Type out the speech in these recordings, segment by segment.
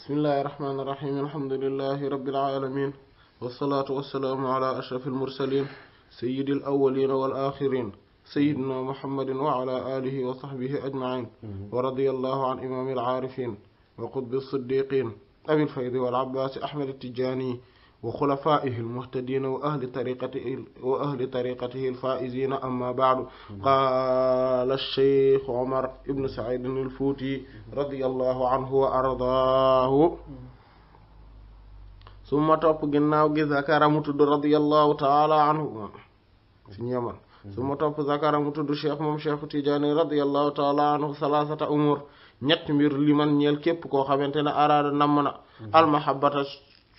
بسم الله الرحمن الرحيم الحمد لله رب العالمين والصلاة والسلام على أشرف المرسلين سيد الأولين والآخرين سيدنا محمد وعلى آله وصحبه أجمعين ورضي الله عن إمام العارفين وقطب الصديقين أبي الفيض والعباس أحمد التجاني وخلفائه المهتدين وأهل طريقته وأهل طريقته الفائزين أما بعد قال الشيخ عمر ابن سعيد الفوتي رضي الله عنه وأرضاه ثم توب جناو ذكر متد رضي الله تعالى عنه ثم توب ذكر متد الشيخ مم شيخ تيجاني رضي الله تعالى عنه ثلاثة أمور ñett mbir li man ñeel képp koo xamante ne araada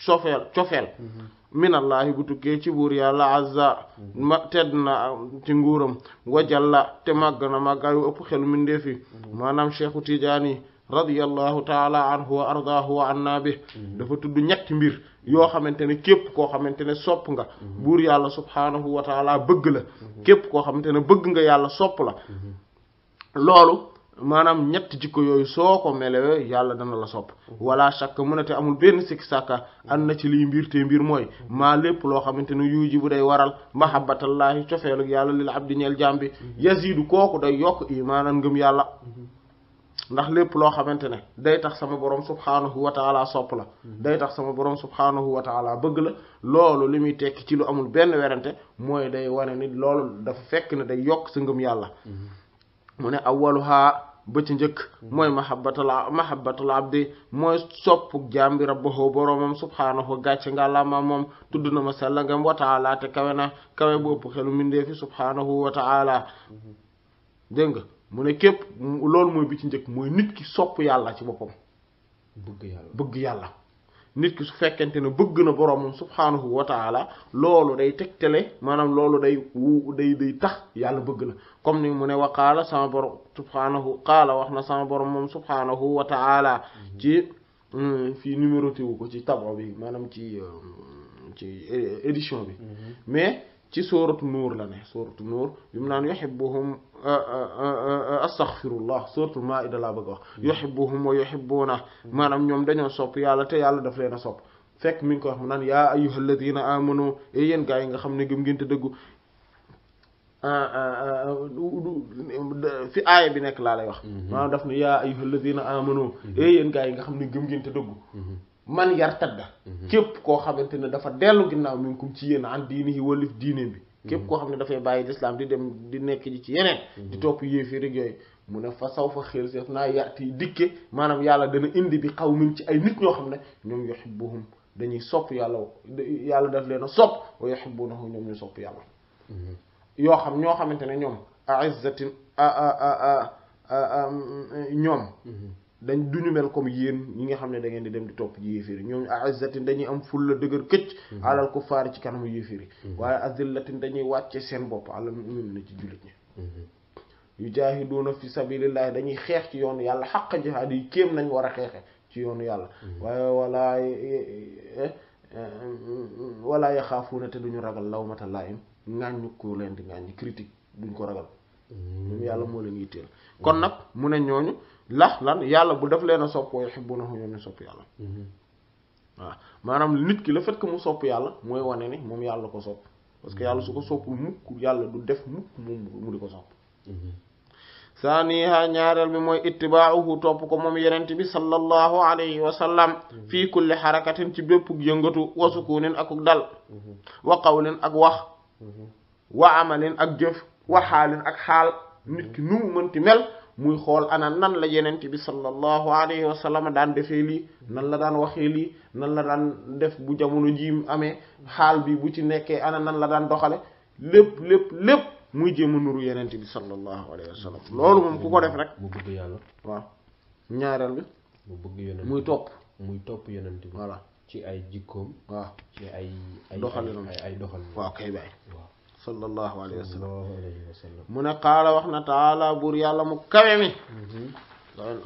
cofeel cofeel mm-hmm. minallaahi bu tukkee ci buur yàlla azza mm-hmm. tedd na ci nguuram wajalla te màgg na màggaayu ëpp xelu mindeefi mm-hmm. maanaam cheikhu tijaani radiyallahu taala anhu wa ardaahu wa anna dafa tudd ñetti mbir yoo xamante ne képp koo xamante ne sopp nga buur yàlla subhaanahu wa taala bëgg la képp koo xamante ne bëgg nga yàlla sopp la loolu maanaam ñett jikko yooyu soo ko melewee yàlla dana la sopp wala shakk mën a te amul benn sikki sàkka an na ci liy mbir te mbir mooy maa lépp loo xamante ne yu ji bu day waral mahabbatallahi cofeelu yàlla lil abdi ñeel jaam bi yazidu kooku day yokk imaanan ngëm yàlla ndax lépp loo xamante ne day tax sama borom subhaanahu wa taala sopp la day tax sama borom subhaanahu wa taala bëgg la loolu li muy tekki ci lu amul benn werante mooy day wane ni loolu dafa fekk ne day yokk sa ngëm yàlla mu ne awaluha ba ci njëkk mooy mahabbatul mahabbatul abdi mooy soppu jaam bi rabbahu boroomam subhaanahu gàcce nga lama moom tudd na ma sell ngam wa kawe na kawe bu ëpp xelu mindee fi subhaanahu wa mu ne képp loolu mooy bi ci njëkk mooy nit ki sopp yàlla ci boppam bëgg yàlla nit ki su fekkente ne bëgg na boroomam subhaanahu wa taala loolu day tegtale maanaam loolu day wu day day tax yàlla bëgg la comme ni mu ne wax qaala sama borom subhaanahu xaala wax na sama borom moom subhaanahu wa taala ci mm, fii numéroté wu ko ci tabo bi maanaam ci euh, ci euh, édition bi mm-hmm. mais ci sooratu nuur la ne sooratu nuur bi mu naan yuhibbuhum astaghfirullah sooratu maa'ida laa bëgg a wax yuhibbuhum wa yuhibbuna maanaam ñoom dañoo sopp yàlla te yàlla daf leen a sopp fekk mi ngi ko wax mu naan yaa ayyuhal ladina amanu yéen gaa yi nga xam ne gëm ngeen te dëggu fi aaya bi nekk laa lay wax maanaam daf ne yaa ayyuhal ladina amanu yéen gaa yi nga xam ne gëm ngeen te dëggu man yar tadda képp koo xamante ne dafa dellu ginnaaw mi ngi ci yéen an diini yi walif diine bi képp koo xam ne dafay bàyyi lislaam di dem di nekk ji ci yeneen di topp yéefi rek yooyu mu ne fa saw fa xel seef naa yaati dikke maanaam yàlla dana indi bi xaw min ci ay nit ñoo xam ne ñoom yuhibbuhum dañuy sopp yàlla yàlla daf leen a sopp wa yuhibbunahu ñoom ñu sopp yàlla yoo xam ñoo xamante ne ñoom aizzatin ñoom dañ duñu mel comme yéen ñi nga xam ne dangeen ngeen di dem di topp ji yéeféri ñooñu aizzatin dañuy am fulla dëgër këcc mhm. alal kuffaar ci kanamu yéeféri mhm. waaye azillatin dañuy wàcce seen bopp alal mu'min na ci jullit ñi mhm. yu jaahiduuna fi sabilillahi dañuy xeex ci yoon yàlla xaq jihaad yi kéem nañ war a xeexe ci yoonu yàlla waaye walaa eh, eh, walaa yaxaafuuna te duñu ragal lawmata laa'im ngaañu ko leen di ngaañu critique duñ ko ragal ñoom yàlla moo leen yitteel kon lax lan yàlla bu def leen a sopp wa yuhibbunahu ñoom ñu sopp yàlla mhm. waaw maanaam nit ki la fekk que mu sopp yàlla mooy wane ni moom yàlla ko sopp parce que yàlla su ko soppul mukk yàlla du def mukk moom mu di ko sopp mhm. saaniha ñaareel bi mooy ittibaahu topp ko moom yenent bi sallallahu alayhi wa sallam mhm. fii kulli xarakatin ci bépp yëngatu wa sukunin akuk dal wa ak wax wa ak jëf wa ak xaal nit ki nu mënti mel muy xool ana nan la yenent bi sallallahu alayhi wa sallam daan defee lii nan la daan waxee lii nan la daan def bu jamono jii amee xaal bi bu ci nekkee ana nan la daan doxale lépp lépp lépp muy jéem a nuru yenent bi sallallahu alayhi wa sallam loolu moom ku ko def rek mu bëgg yàlla waaw ñaareel bi mu bëgg yenent muy topp muy topp yenent bi voilà ci ay jikkoom waaw ci ay ay doxalinam ay doxal waaw kay baay صلى الله عليه وسلم من قال وحنا تعالى بور يالا مكاوي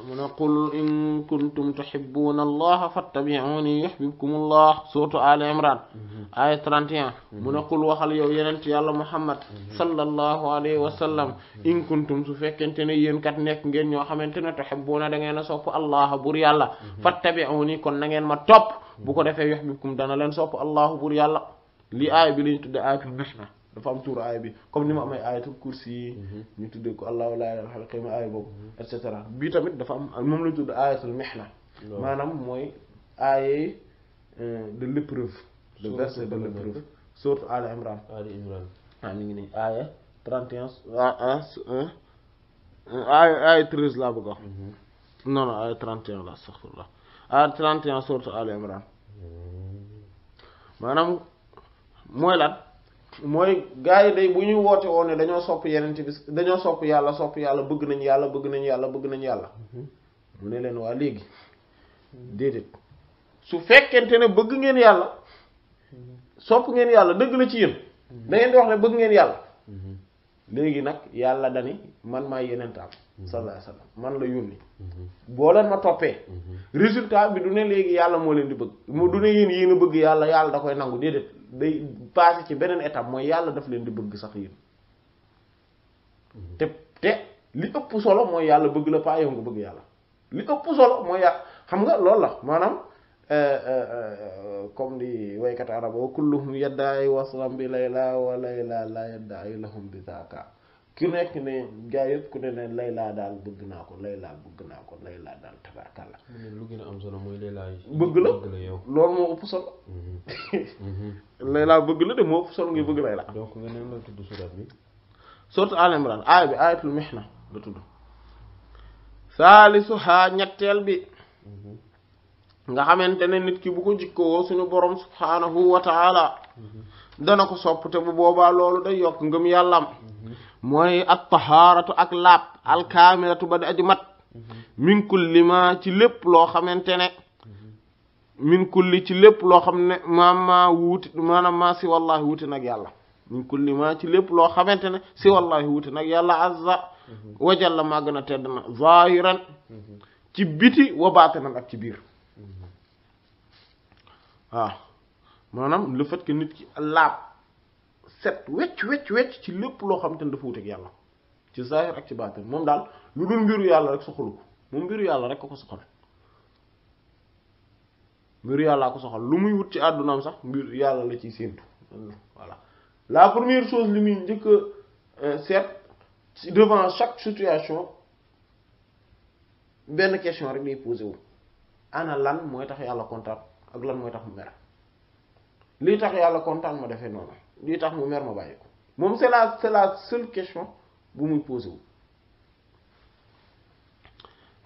من قل ان كنتم تحبون الله فاتبعوني يحببكم الله سوره ال عمران ايه 31 من قل وخال يو يننت يالا محمد صلى الله عليه وسلم ان كنتم فكنتني يين كات نيك نين ньо خامتيني تحبون دا نين سوف الله بور يالا فاتبعوني كون نين ما توب بوكو دافي يحببكم دا نالن سوف الله بور يالا li ay bi li ñu tudde ay fi dafa am tour ay bi comme ni ma amay ayatu kursi yi ñu tuddee ko allah la ilaha illa qayyuum ay bob et cetera bi tamit dafa am mom la tuddé aayatul mihna manam moy aaye de l'épreuve le verset de l'épreuve sourate al Imran al Imran ah mi ngi ni ay 31 ay ay 13 la bëgg a non non ay 31 la astaghfirullah ay 31 sourate al Imran manam moy lan mooy gars yi day bu ñu woote woon ne dañoo sopp yeneen bi dañoo sopp yàlla sopp yàlla bëgg nañ yàlla bëgg nañ yàlla bëgg nañ yàlla mhm. mu ne leen waa léegi déedéet su fekkente ne bëgg ngeen yàlla sopp ngeen yàlla dëgg la ci yéen mhm. da ngeen di wax ne bëgg ngeen yàlla mhm. léegi nag yàlla dani man maa yeneen taam sallallahu alayhi wasallam man la yónni boo leen ma toppee résultat bi du ne léegi yàlla moo leen di bëgg mu du ne yéen yéen a bëgg yàlla yàlla da koy nangu déedéet day passé ci beneen étape mooy yàlla daf leen di bëgg sax yéen te te li ëpp solo mooy yàlla bëgg la pas yow bëgg yàlla li ëpp solo mooy yàlla xam nga lool la maanaam euh, euh, euh, comme di waykat arab wa kulluhum yaddaay waslam bi layla wa layla la yaddaay lahum bi zaaka ki nekk ne gaa yëpp ku ne ne laylaa daal bëgg naa ko laylaa bëgg naa ko laylaa daal tabarakalla bëgg la loolu moo ëpp mhm. mhm. laylaa bëgg la de moo ëpp solo bëgg laylaa donc nga neen la tudd bi sourate Al Imran la tudd saalisuhaa ñetteel bi mhm. nga xamante ne nit ki bu ko jikkoo suñu borom subhaanahu wa dana ko sopp te bu boobaa loolu day yokk ngëm yàllam moy at taharatu ak laab al kamilatu bad ajmat min kulli ma ci lépp lo xamantene min kulli ci lépp lo xamne ne maam maa wuuti maanaam si wallahi wut nak yàlla min kulli ma ci lépp lo xamantene si wallahi wut nak yàlla azza wa jalla maa gën tedd na zahiran ci biti wa batana ak ci bir ah manam le fait que nit ki laab set wecc wecc wecc ci lépp loo xam te ne dafa wuteeg yàlla ci zahir ak ci baatin moom daal lu dul mbiru yàlla rek soxalu ko moom mbiru yàlla rek ko ko soxal mbiru yàllaa ko soxal lu muy wut ci àddunaam sax mbiru yàlla la ciy séentu voilà la première chose li muy njëkk a euh, seet devant chaque situation benn question rek lay posé wu ana lan mooy tax yàlla kontaan ak lan mooy tax mu mer lii tax yàlla kontaan ma defee noonu lii tax mu mer ma bàyyi ko moom c'est la c'est la seule question bu muy posé wu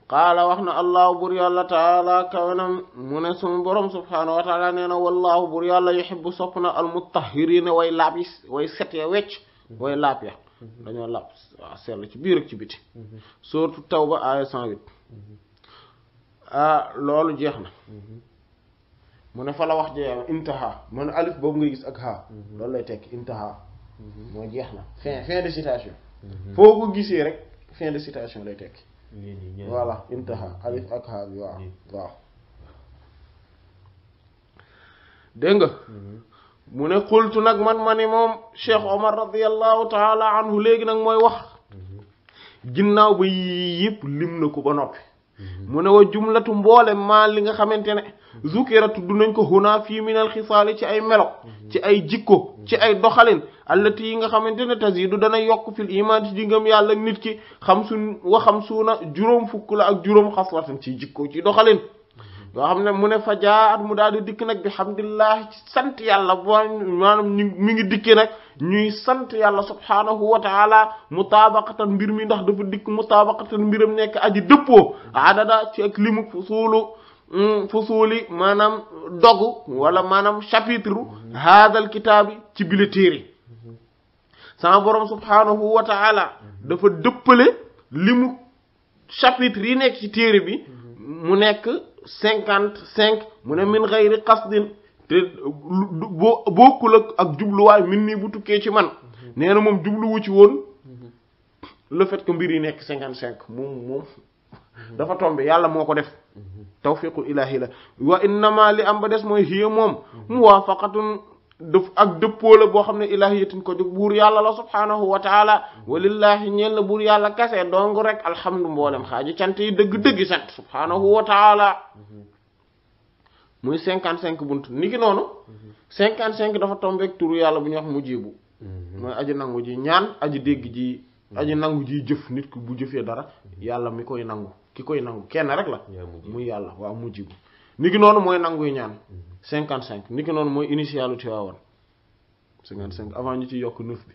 qaala wax na allahu bur yàlla taala kawenam mu ne sumu borom subhaanahu wa taala nee na wallahu bur yàlla yuhibbu sopp na almutahirina way laab yi way set ya wecc way laab ya dañoo laab waaw sell ci biir ak ci biti surtout tawba aaya 108 ah loolu jeex na mune fa la wax jee intaha mune alif bobu ngay gis ak ha lolou lay tek intaha mo jeex na fin fin de citation foo gisee rek fin de citation lay tek voilà intaha alif ak ha bi waaw waaw dégg nga mune khultu nak man ma mom Cheikh Omar radiyallahu taala anhu legui nak moy wax ginnaw ba yii yëpp lim na ba nopi Mm-hmm. mu ne wa jumlatu mboole maa li nga xamante ne mm-hmm. zukira du nañ ko huna fii minal xisaali ci ay melo mm-hmm. ci ay jikko ci ay doxalin allati yi nga xamante ne tazidu dana yokk fil iman ci jingam yàlla nit ki xam suñ wa xam suuna juróom fukk la ak juróom xaslatan ci jikko ci doxalin yoo xam ne mu ne fa jaat mu daal di dikk nag bi hamdulilah sant yàlla boo maanaam mi ngi dikkee nag ñuy sant yàlla subhaanahu wa taala mutaabaqatan mbir mi ndax dafa dikk mutaabaqatan mbiram nekk aji dëppoo adada ci ak limu fusuulu mm, fusuuli maanaam dogu walla maanaam chapitre haadal kitaabi ci bile téere sama borom subhaanahu wa dafa dëppale limu chapitre yi nekk ci téere bi mu nekk cinquante cinq mu ne min xayri qasdin te boo bokkul ak ak jubluwaay min nii bu tukkee ci man nee na moom jubluwu ci woon le fait que mbir yi nekk cinquante cinq moom moom dafa tombe yàlla moo ko def tawfiqul ilaahi la wa innama li am ba des mooy hiya moom muwaafaqatun duf ak dëppoo la boo xam ne yatin ko jóg buur yàlla la subhanahu wa taala walillahi ñeel na buur yàlla kase dong rek alhamdu mboolem xaaji cant yi dëgg-dëgg sant subhanahu wa taala muy 55 cinq bunt ni ki noonu cinquante cinq dafa tombeek turu yàlla bu ñu wax mujibu mooy aji nangu ji ñaan aji dégg ji aji nangu ji jëf nit ki bu jëfee dara yàlla mi koy nangu ki koy nangu kenn rek la muy yàlla waaw mujibu ni ki noonu mooy nanguy ñaan mhm. cinquante cinq ni ki noonu mooy initialu Tiwaawan cinquante cinq avant ñu ci yokk neuf bi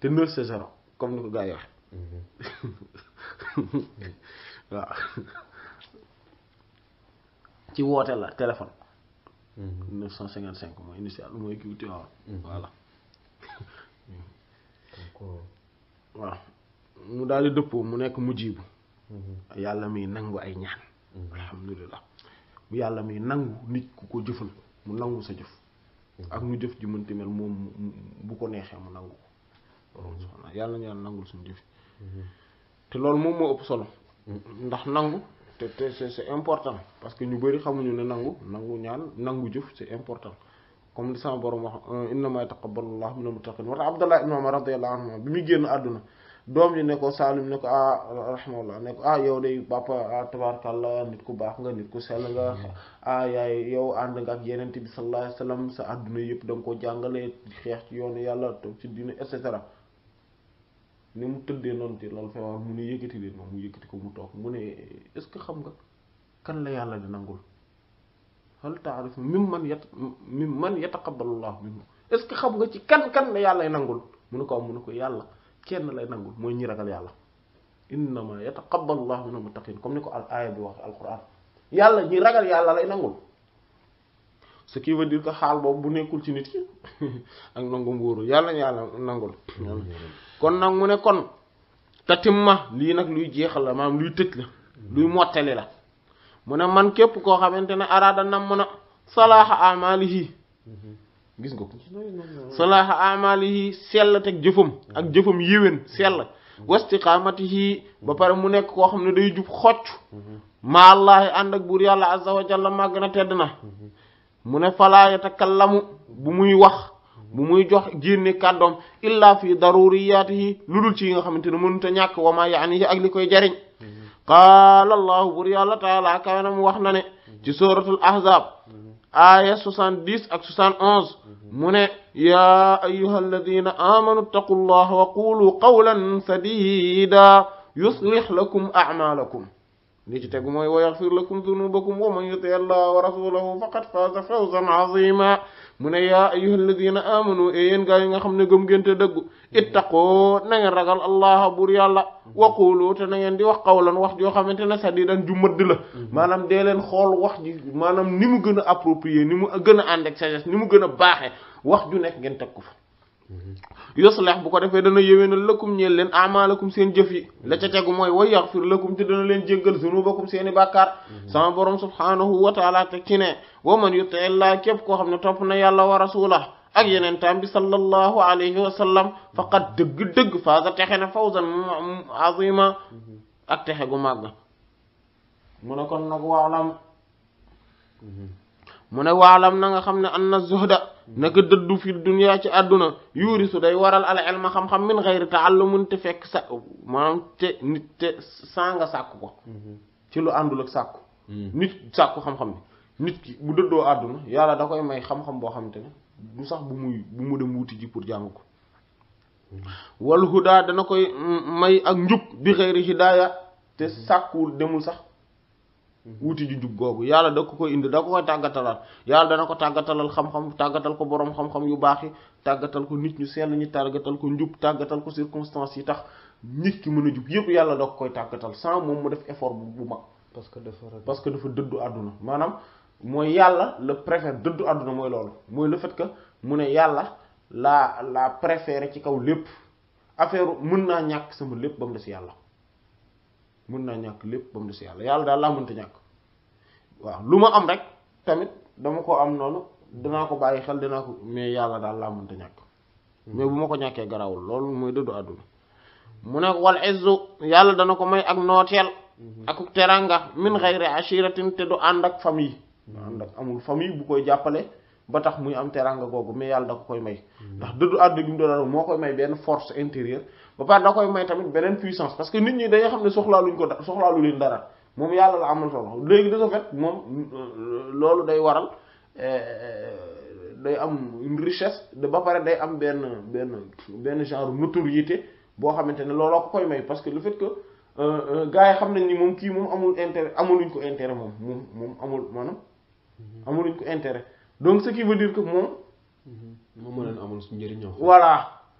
te neuf c'est zéro comme ni ko gars yi mhm. waaw ci woote la téléphone mhm. neuf cent cinquante cinq mooy initial mooy kiw Tiwaawan voilà waaw mu daal di dëppoo mu nekk mujjibu yàlla muy nangu ay ñaan alhamdulilah bu yalla mi nang nit ku ko jëfël mu nangu sa jëf ak nu jëf ji mënti mel mom bu ko nexé mu nangu ko loolu mm-hmm. subhana ñu nangul suñu jëf mm-hmm. té lool mom mo ëpp solo mm-hmm. ndax nangu té té c'est important parce que ñu bëri xamuñu né nangu nangu ñaan nangu jëf c'est important comme li sama borom wax euh, minal muttaqin wa abdullah ibn umar radiyallahu anhu bi mi génn aduna doom yi ne ko Saalim ne ko ah rahimahullah ne ko ah yow day papa ah, tabarakallah nit ku baax nga nit ku sell nga ah yaay yow ànd nga ak yeneen bi sallallahu alayhi sa adduna yëpp da nga ko jàngale xeex ci yoonu yàlla toog ci diine et cetera ni mu tëddee noonu ci loolu feebar mu ne yëkkati leen mu yëkkati ko mu toog mu ne est-ce que xam nga kan la yàlla di nangul hal taarif mim man yat mim man yataqabbalu llahu minhu est-ce que xam nga ci kan kan la yàlla nangul mu ne ko am mu ne ko yàlla kenn lay nangul moy ñi ragal yàlla innama yataqabbalu allahu min almuttaqin comme niko al ayat bi wax qur'an yalla ñi ragal yalla lay nangul ce qui veut dire que xal bobu bu nekkul ci nit ki ak nangu yalla nangul kon nak mu ne kon tatimma li nak luy jexal la maam luy tëj la luy mottali la mu ne man kep ko xamantene arada nam amalihi gis nga ko salaaha amalihi sell teg jëfam ak jëfam yéwén sell wastiqaamatihi ba pare mu nekk koo xam ne day jub xocc ma allahi ànd ak buur yàlla azza wa jalla màgg na tedd na mu ne falaa yatakallamu bu muy wax bu muy jox génne kàddoom illa fi daruriyaatihi lu dul ci yi nga xam ne mënut a ñàkk wa ma yaanihi ak li koy jariñ qaala allahu yàlla taala kawe na wax na ne ci suratul ahzab aaya 70 ak 71 mu ne yaa ayyuha alladina amanu ttaqu llaha wa qulu qawlan sadida yuslih lakum acmaalakum li ci tegu mooy wa yaxfir lakum dunubakum wa man yuti allah wa rasulahu faqad faaza fawzan azima mu ne yaa ayyuhal ladina amanu e yéen gaa yi nga xam ne gëm ngeen te dëggu ittaqoo na ngeen ragal allaha buur yàlla waqulu te na ngeen di wax qawlan wax joo xamante ne sadidan ju mëdd la maanaam dee leen xool wax ji maanaam ni mu gën a approprié ni mu gën a ànd ak sagesse ni mu gën a baaxe wax ju nekk ngeen teg ko fa yuslih bu ko defé dana yéwénal lakum ñel leen amalakum seen jëf yi la ca tagu moy way yaghfir lakum te dana leen jéggal zunubakum seen bakkar sama borom subhanahu wa taala te ci ne wa man yut'i la kep ko xamne top na yàlla wa rasulah ak yenen tam bi sallallahu alayhi wa sallam faqad deug deug fa za taxena fawzan azima ak taxe gu màgg muné kon nak waalam muné ne waalam na nga xamne anna zuhda naka dëddu fi dunya ci àdduna yuuri su day waral al ilma xam-xam min xayri ta'allumun te fekk sa maanaam te nit te saa nga sàkku ko mhm. ci lu àndul ak sàkku mhm. nit sàkku xam-xam bi nit ki bu dëddoo àdduna yàlla da koy may xam-xam boo xamante ne du sax bu muy bu mu dem wuti ji pour jàng ko mhm. wal dana koy mm, may ak njub bi xayri hidaaya te sàkkuwul demul sax Mm-hmm. wuti ju jub googu yàlla da ko koy indi da ko koy tàggatalal yàlla dana ko tàggatalal xam-xam tàggatal ko boroom xam-xam yu baax yi tàggatal ko nit ñu sell ñi tàggatal ko njub tàggatal ko circonstances yi tax nit ki mën a jub yépp yàlla da ko koy tàggatal sans moom mu def effort bu mag. parce que dafa parce que dafa dëddu àdduna maanaam mooy yàlla le préfère dëddu àdduna mooy loolu mooy le fait que mu ne yàlla laa laa préféré ci kaw lépp affaire mën naa ñàkk sama lépp ba mu des yàlla. mën naa ñàkk lépp ba mu des yàlla yàlla daal laa ñàkk waaw lu ma am rek tamit dama ko am noonu danaa ko bàyyi xel danaa ko mais yàlla daal laa mënta ñàkk bu ma ko ñàkkee garawul loolu mooy dëddu mu ne wal izzu yàlla dana ko may ak nooteel mhm. ak teranga min ghayri ashiratin te du ànd ak famille mhm. ànd ak amul famille bu koy jàppale ba tax muy am teranga googu mais yàlla da ko koy may mhm. ndax dëddu àdduna gi mu doon moo koy may benn force intérieure ba pare da koy may tamit beneen puissance parce que nit ñi dañuy xam ne soxlaaluñ ko soxlaalu leen dara moom yàlla la amal solo léegi de ce euh, loolu day waral euh, euh, day am une richesse de ba pare day am benn benn benn genre notoriété boo xamante ne looloo ko koy may parce que le fait que gars yi xam nañ ni moom kii moom amul intérêt amuluñ ko intéret moom moom moom amul maanaam mm-hmm. ko intérêt donc ce qui veut dire moom. Mm-hmm. moom moo leen amul njëriñoo. voilà.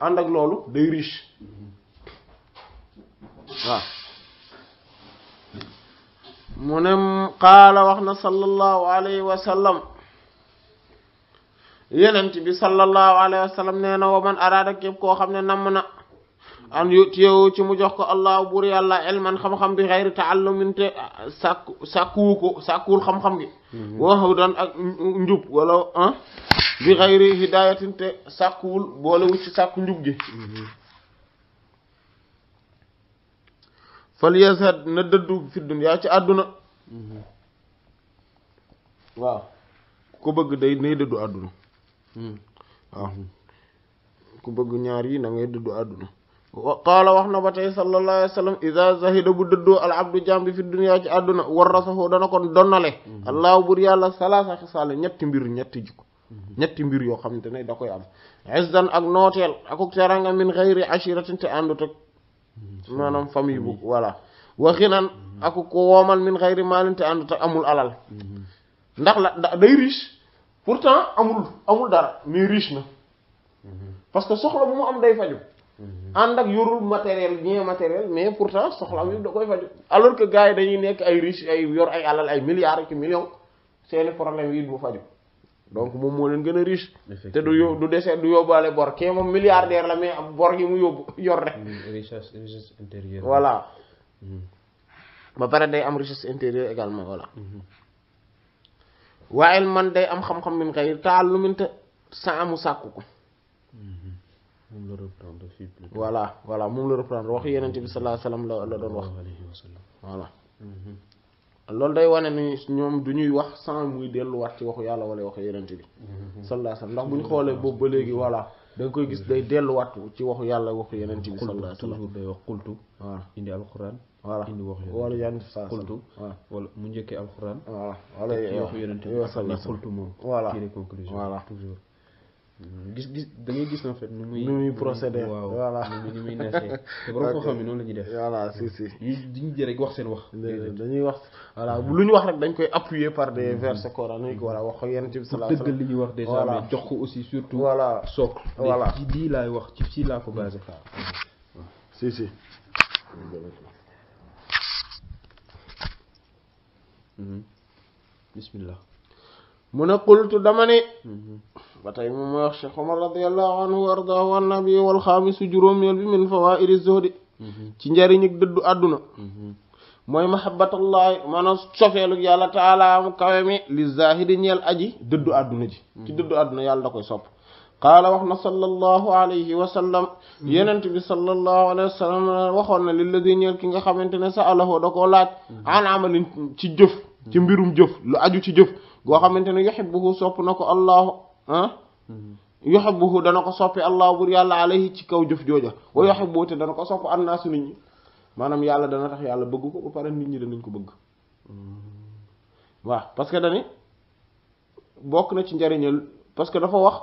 ànd ak loolu day riche waaw mu ne qaala wax na sallallahu alayhi wa sallam yenent bi sallallahu alayhi wa sallam nee na wa araada képp koo xam ne namm na an yutiyewu ci mu jox ko allah buur yàlla elman xam-xam bi xayri taallumin te sakku sakku sakul xam-xam gi mhm. wa hudan ak njub wala ah bi xayri hidayatin te sakul boolewul ci sakku njub gi mhm. fal yasad na deddu fi dunya ci aduna mhm. waaw ku bëgg day nay dëddu àdduna waaw ku bëgg ñaar yi na ngay deddu aduna qaala wax na ba tey sallallahu alayhi wa sallam iza zahida bu dëddoo al abdu jàmbi fi dunya ci àdduna warasahu dana kon donnale mhm. allahu bur yàlla salaasa xisaale ñetti mbir ñetti jikko ñetti mbir yoo xamante ne da koy am izzan ak nooteel akuk teranga min ghayri ashiratin te àndut ak mhm. maanaam famille bu voilà waxinan mhm. akuk ko woomal min ghayri maalin te àndut ak amul alal ndax la day riche pourtant amul amul dara mais riche na parce soxla bu mu am day faju ànd ak yorul matériel bien matériel mais pourtant soxlaam yëpp da koy faj alors que gars yi dañuy nekk ay riche ay yor ay alal ay milliards ak millions seeni problème yi bu faju donc moom moo leen gën a riche te du yo du dese du yóbbaale bor kee moom milliardaire la mais bor yi mu yóbbu yor rek mm, richesse richesse mm. ba pare day am richesse intérieure également voilà mm-hmm. waaye man day am xam-xam min xayri taallumin te sa amu sàkku ko mm-hmm. moom la reprendre fii moom la reprendre wax yenente bi sallallahu alayhi la la doon wax voilà mhm. loolu day wane ni ñoom du ñuy wax sans muy delluwaat ci waxu yàlla wala waxu yenente bi mhm. sallallahu alayhi la sallam mhm. xoolee boobu ba léegi voilà da koy gis day delluwaat ci waxu yàlla waxu yenente bi sallallahu alayhi wa sallam wax xultu waaw indi alquran voilà indi wax wala saa xultu mu njëkkee alquran voilà wala waxu yenente bi xultu moom voilà voilà toujours gis gis da ngay gis en fait ni muy. nu muy procédé voilà ni muy nasee. te borom koo xam ne noonu la ñuy def. voilà si si. ni diñu rek wax sen wax. dañuy wax voilà luñu wax rek dañ koy appuyer par des mm-hmm. versets coraniques voilà wax ko yenn ci salaam. pour dëggal li ñuy wax déjà mais jox ko aussi surtout. voilà sook voilà ci lii laay wax ci si laa ko basé. Mm-hmm. si si. Mm-hmm. bismillah. mona qultu dama ne. ba tey moom mooy wax Cheikh Omar radiallahu anhu wa ardaahu annabi walxaamis juróomeel bi min fawaidi zuhdi ci njariñu dëddu àdduna mooy mahabbatallahi maanaam sofeelu yàlla taala mu kawe mi li zahidi ñeel aji dëddu àdduna ji ci dëddu àdduna yàlla da koy sopp qaala wax na sallallahu alayhi wa sallam yenent bi sallallahu alayhi wa sallam waxoon na lilladi ñeel ki nga xamante ne sa alahoo da koo laaj an amalin ci jëf ci mbirum jëf lu aju ci jëf goo xamante ne yuhibbuhu sopp na ko allahu ah yuhibbuhu dana ko soppi allah bur yàlla alayhi ci kaw jëf jooja wa yuhibbuhu te dana ko sopp annaasu nit ñi maanaam yàlla dana tax yàlla bëgg ko ba pare nit ñi danañ ko bëgg waaw parce que dani bokk na ci njariñal parce que dafa wax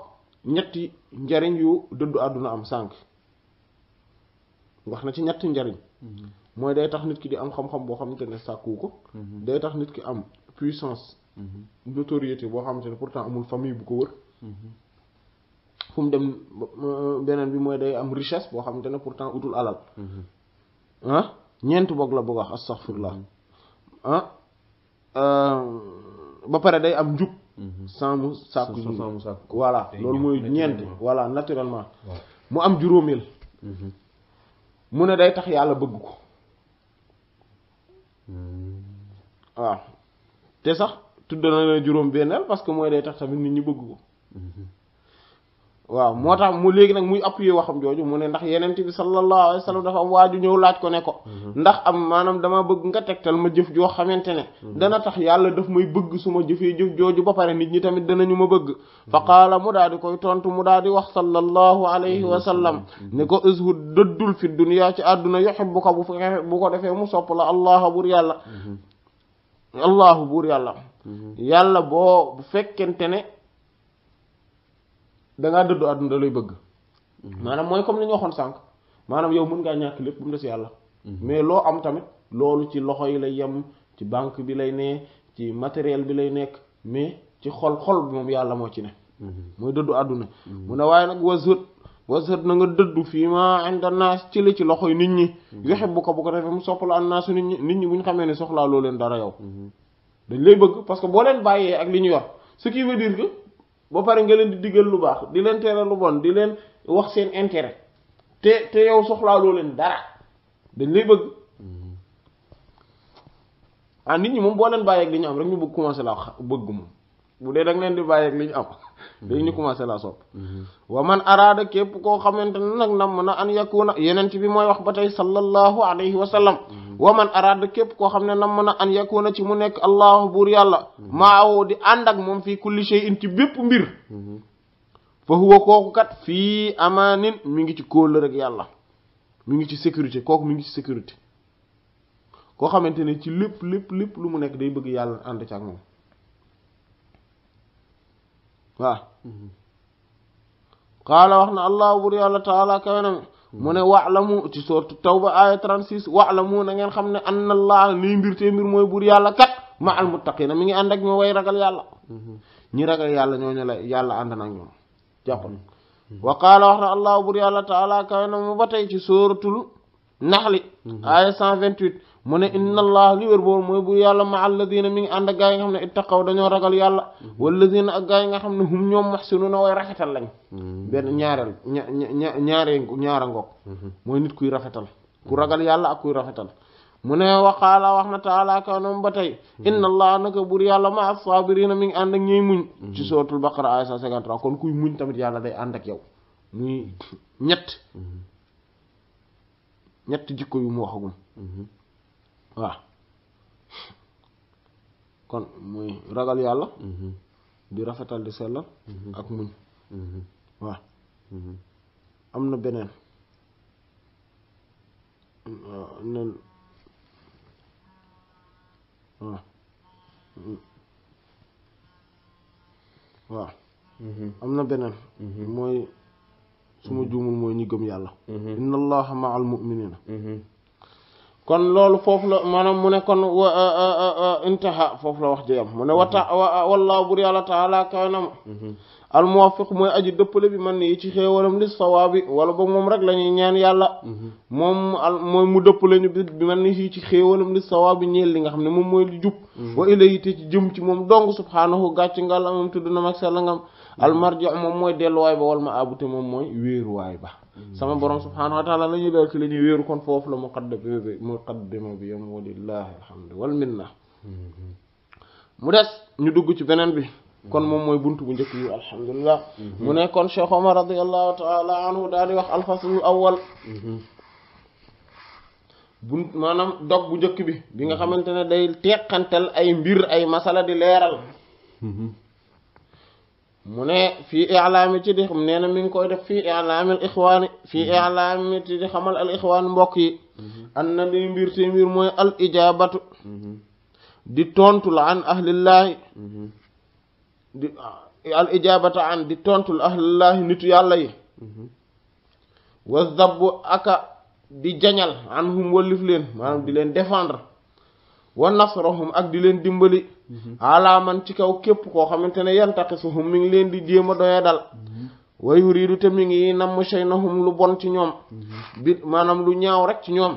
ñetti njariñ yu dëddu àdduna am sànq wax na ci ñetti njariñ mm-hmm. mooy day tax nit ki di am xam-xam boo xamante ne sàkku ko mm-hmm. day tax nit ki am puissance Mm-hmm. notoriété boo xamante ne pour pourtant amul famille bu ko wër mm-hmm. fu mu dem euh, beneen bi mooy day am richesse boo xamante ne pourtant utul alal mm-hmm. ah ñeent boog la bëgg wax astaghfirullah ah? euh, ba pare day am njub sans mu sàkku njub voilà loolu mooy ñeent voilà naturellement mu am juróomeel mu ne day tax yàlla bëgg ko waaw te sax tudd na la juróom-benneel parce que mooy day tax tamit nit ñi bëgg ko waaw moo tax mu léegi nag muy appuyer waxam jooju mu ne ndax yeneen bi sallallahu alayhi wa dafa waa ju ñëw laaj ko ne ko. Mhm. ndax am maanaam dama bëgg nga tegtal ma jëf joo xamante ne. Mhm. dana tax yàlla daf may bëgg su jëfee jëf jooju ba pare nit ñi tamit danañu ma bëgg. fa mhm. qaala daal di koy tontu mu daal di wax sallallahu alayhi wa sallam. ne ko izhud dëddul fi dunya ci àdduna yuhibbuka bu ko defee mu sopp la allah buur yàlla. allahu buur yàlla. Mm-hmm. yàlla boo bu fekkente ne dangaa dëddu àdduna da lay bëgg mm-hmm. maanaam mooy comme ni ñu waxoon sànq maanaam yow mën ngaa ñàkk lépp bu mu des yàlla mm-hmm. mais loo am tamit loolu ci loxo yi lay yem ci banque bi lay ne ci matériel bi lay nekk mais ci xol xol bi moom yàlla moo ci ne mooy dëddu àdduna mu ne waaye nag wasut wasut na nga dëddu fii maa inda naas ci li ci loxo yi nit ñi yoxe bu ko bu ko mu soppala an naasu nit ñi nit ñi bu xamee ne soxlaa loo leen dara yow dañ lay bëgg parce que boo leen bàyyee ak li ñu yor ce qui veut dire que ba pare nga leen di diggal lu baax di leen tere lu bon di leen wax seen intérêt te te yow soxlaaloo leen dara dañ lay bëgg ah nit ñi moom boo leen bàyyee ak li ñu am rek ñu bëgg commencé la bëgg moom bu dee da leen di bàyyee ak li ñu am. léegi ñu mhm. commencé laa sopp mhm. wa man araada képp koo xamante ne nag nam na an yakuna yenent bi mooy wax ba tey sallallahu alayhi wa sallam mhm. wa man araada képp koo xam ne nam na an yakuna ci mu nekk allahu buur yàlla maawo di ànd ak moom fii kulli ci bépp mbir fii amaanin mi ngi ci kóol yàlla mu ngi ci sécurité kooku mi ngi ci sécurité koo xamante ne ci lépp lépp lépp lu mu nekk day bëgg yàlla ànd ci ak moom waa qaala wax na allah bur yàlla taala kawe na mu ne wa'lamu ci sourate tawba aya 36 wa'lamu na ngeen xam ne anna allah liy mbir te mbir mooy bur yàlla kat ma al na mi ngi ànd ak ñoo way ragal yàlla ñi ragal yàlla ñooñu la yàlla ànd na ak ñoom jàppal wa qaala wax na allah bur yàlla taala kawe na mu ba tey ci suratul naxli aya 128 mu ne inna allah li wér boobu mooy bu yàlla ma alladina mi ngi ànd ak gaa yi nga xam ne ittaqaw dañoo ragal yàlla walladina ak gaa yi nga xam ne hum ñoom muhsinuna way rafetal lañ benn ñaareel ña ñaaree ñaara ngoog mooy nit kuy rafetal ku ragal yàlla ak kuy rafetal mu ne waqaala wax na taala kawnoom ba tey inna allah naka bur yàlla ma as-sabirina mi ngi ànd ak ñuy muñ ci sootul baqara ay 153 kon kuy muñ tamit yàlla day ànd ak yow muy ñett ñett jikko yu mu waxagum waaw kon muy ragal yàlla mm-hmm. di rafetal di sellal mm-hmm. ak muñ mm-hmm. waaw am na beneen nen am na beneen mooy su ma juumul mooy ñi yàlla inna allaha ma al muminina kon loolu foofu la maanaam mu ne kon wa intaha foofu la wax ji am mu ne wata wallaahu bur yàlla taala kawe na ma mm-hmm. al muwaffiq mooy aji dëppale bi man nii ci xéewalam li sawaabi wala boog moom rek la ñuy ñaan yàlla mm-hmm. moom al mooy mu dëppale ñu bi man ni ci xéewalam li sawaabi ñeel li nga xam ne moom mooy li jub mm-hmm. wa ilayhi te ci jëm ci moom dong subhaanahu gàcc ngàlla moom tudd na mag sell ngam almarji moom mooy delluwaay ba wal ma abu te moom mooy wéeruwaay ba sama borom subhaanahu wa taala la ñuy dal ci la ñuy wéeru kon foofu la muqaddima bi muqaddima bi yam walillahi alhamdu wal minna mu des ñu dugg ci beneen bi kon moom mooy buntu bu njëkk bi alhamdulilah mu ne kon Cheikh Omar radiallahu taala anhu daal di wax alfaslul awwal bunt maanaam dog bu njëkk bi bi nga xamante ne day teqantal ay mbir ay masala di leeral mu ne fii ilaami ci di nee na mi ngi koy def fii mhm. ilaami al ixwaani fii di xamal al mbokk yi mhm. an na liy mbir te mbir mooy al ijaabatu mhm. di tontu la an ahlillaahi di ah, al ijaabata an di tontu la ahlillaahi yàlla yi wa zabbu aka di jañal an hum wallif leen maanaam di leen défendre wa nasrahum ak di leen dimbali Mm-hmm. alaaman ci kaw képp koo xamante ne yantaqisuhum mi ngi leen di jéem a doya dal mm-hmm. wa yuridu te mi ngi namm shaynahum lu bon ci ñoom mm-hmm. bi maanaam lu ñaaw rek ci ñoom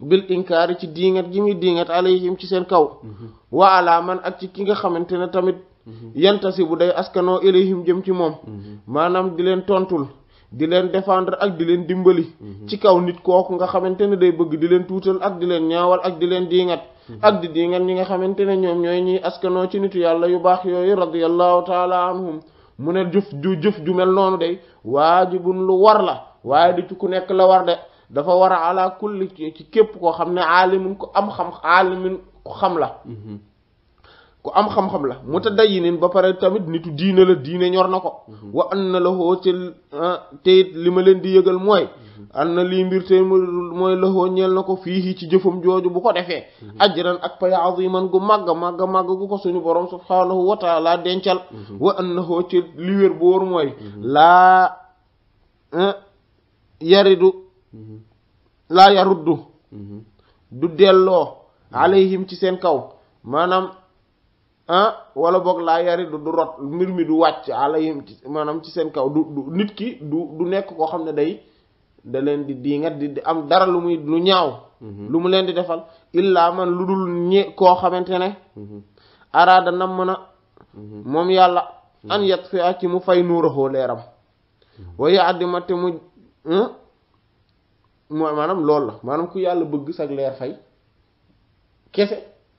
bil inkaari ci diingat gi muy diingat alayhim ci seen kaw wa alaaman ak ci ki nga xamante ne tamit yantasi bu day askanoo ilayhim jëm ci moom maanaam di leen tontul di leen défendre ak di leen dimbali ci kaw nit kooku nga xamante ne day bëgg di leen tuutal ak di leen ñaawal ak di leen diingat Mm-hmm. ak di di ñi nga xamante ne ñoom ñooy ñiy askanoo ci nitu yàlla yu baax yooyu radiyallahu taala anhum mu ne jëf ju jëf noonu de waajibun lu war la waaye di ci ku nekk la war de dafa war a ala kulli ci képp koo xam ne aalimin ku am xam aalimin ku xam la mm-hmm. ku am xam-xam la mutadayyinin ba pare tamit nitu diine la diine ñor na ko mm-hmm. wa an na la xoo ca ah, te li ma leen di yëgal mooy an na lii mbir tey mooy lëxoo ñeel na ko fii ci jëfam jooju bu ko defee mm-hmm. ajran ak pay man gu màgg màgg màgg gu ko suñu borom subhaanahu wa laa dencal am mm-hmm. na annahu ci li wér bu wóor mooy mm-hmm. laa eh, yaridu laa yaruddu du delloo alayhim ci seen kaw maanaam ah wala boog laa yari du rot mbir mi du wàcc alayhim ci maanaam ci seen kaw du nit ki du du nekk koo xam ne day da leen di diingat di am dara lu muy lu ñaaw mhm. lu mu leen di defal illaa man lu dul ñe koo xamante ne mhm. araada nam mën mhm. a moom yàlla an yat fi ci mu fay nuuraxoo leeram waaye àddima te mu hmm? maanaam loolu la maanaam ku yàlla bëgg sag leer fay kese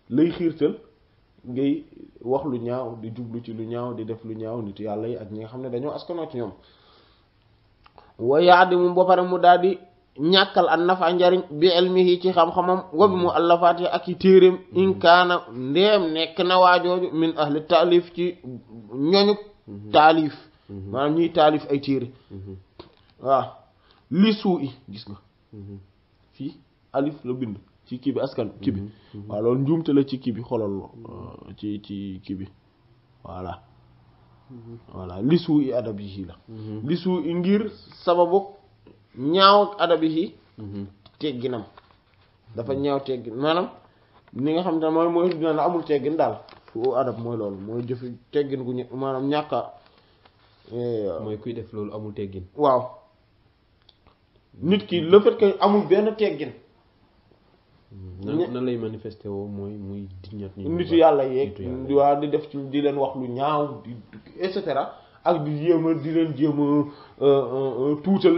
lay xiirtal ngay wax lu ñaaw di jublu ci lu ñaaw di def lu ñaaw nit yàlla yi ak ñi nga xam ne dañoo askanoo ci ñoom wa yaadi mu ba pare mu daal di ñàkkal an nafa njariñ bi elmihi ci xam-xamam wa bi mu allafaati ak i téeréem inkaana ndéem nekk na waajooju min ahli taalif ci ñoñu taalif maanaam ñuy taalif ay téere waaw li suu i gis nga fii alif la bind ci kii bi askan kii bi mhm. loolu njuumte la ci kii bi xolal ci ci kii bi voilà li suu i adabi yi la mhm. li suu i ngir sababu ñaaw ak adabi yi mhm. tegginam dafa ñaaw teggin maanaam ni nga xam ne mooy mooy dina la amul teggin daal fu adab mooy loolu mooy jëfi teggin gu ñu maanaam ñàkka eh, mooy kuy def loolu amul teggin waaw nit ki le fait amul benn teggin Mm-hmm. nan lay manifesté woo mooy muy diñat nitu yàlla yeeg waa di def ci di leen wax lu ñaaw di et cetera ak di jéem a di leen jéem a euh, euh, euh, tuutal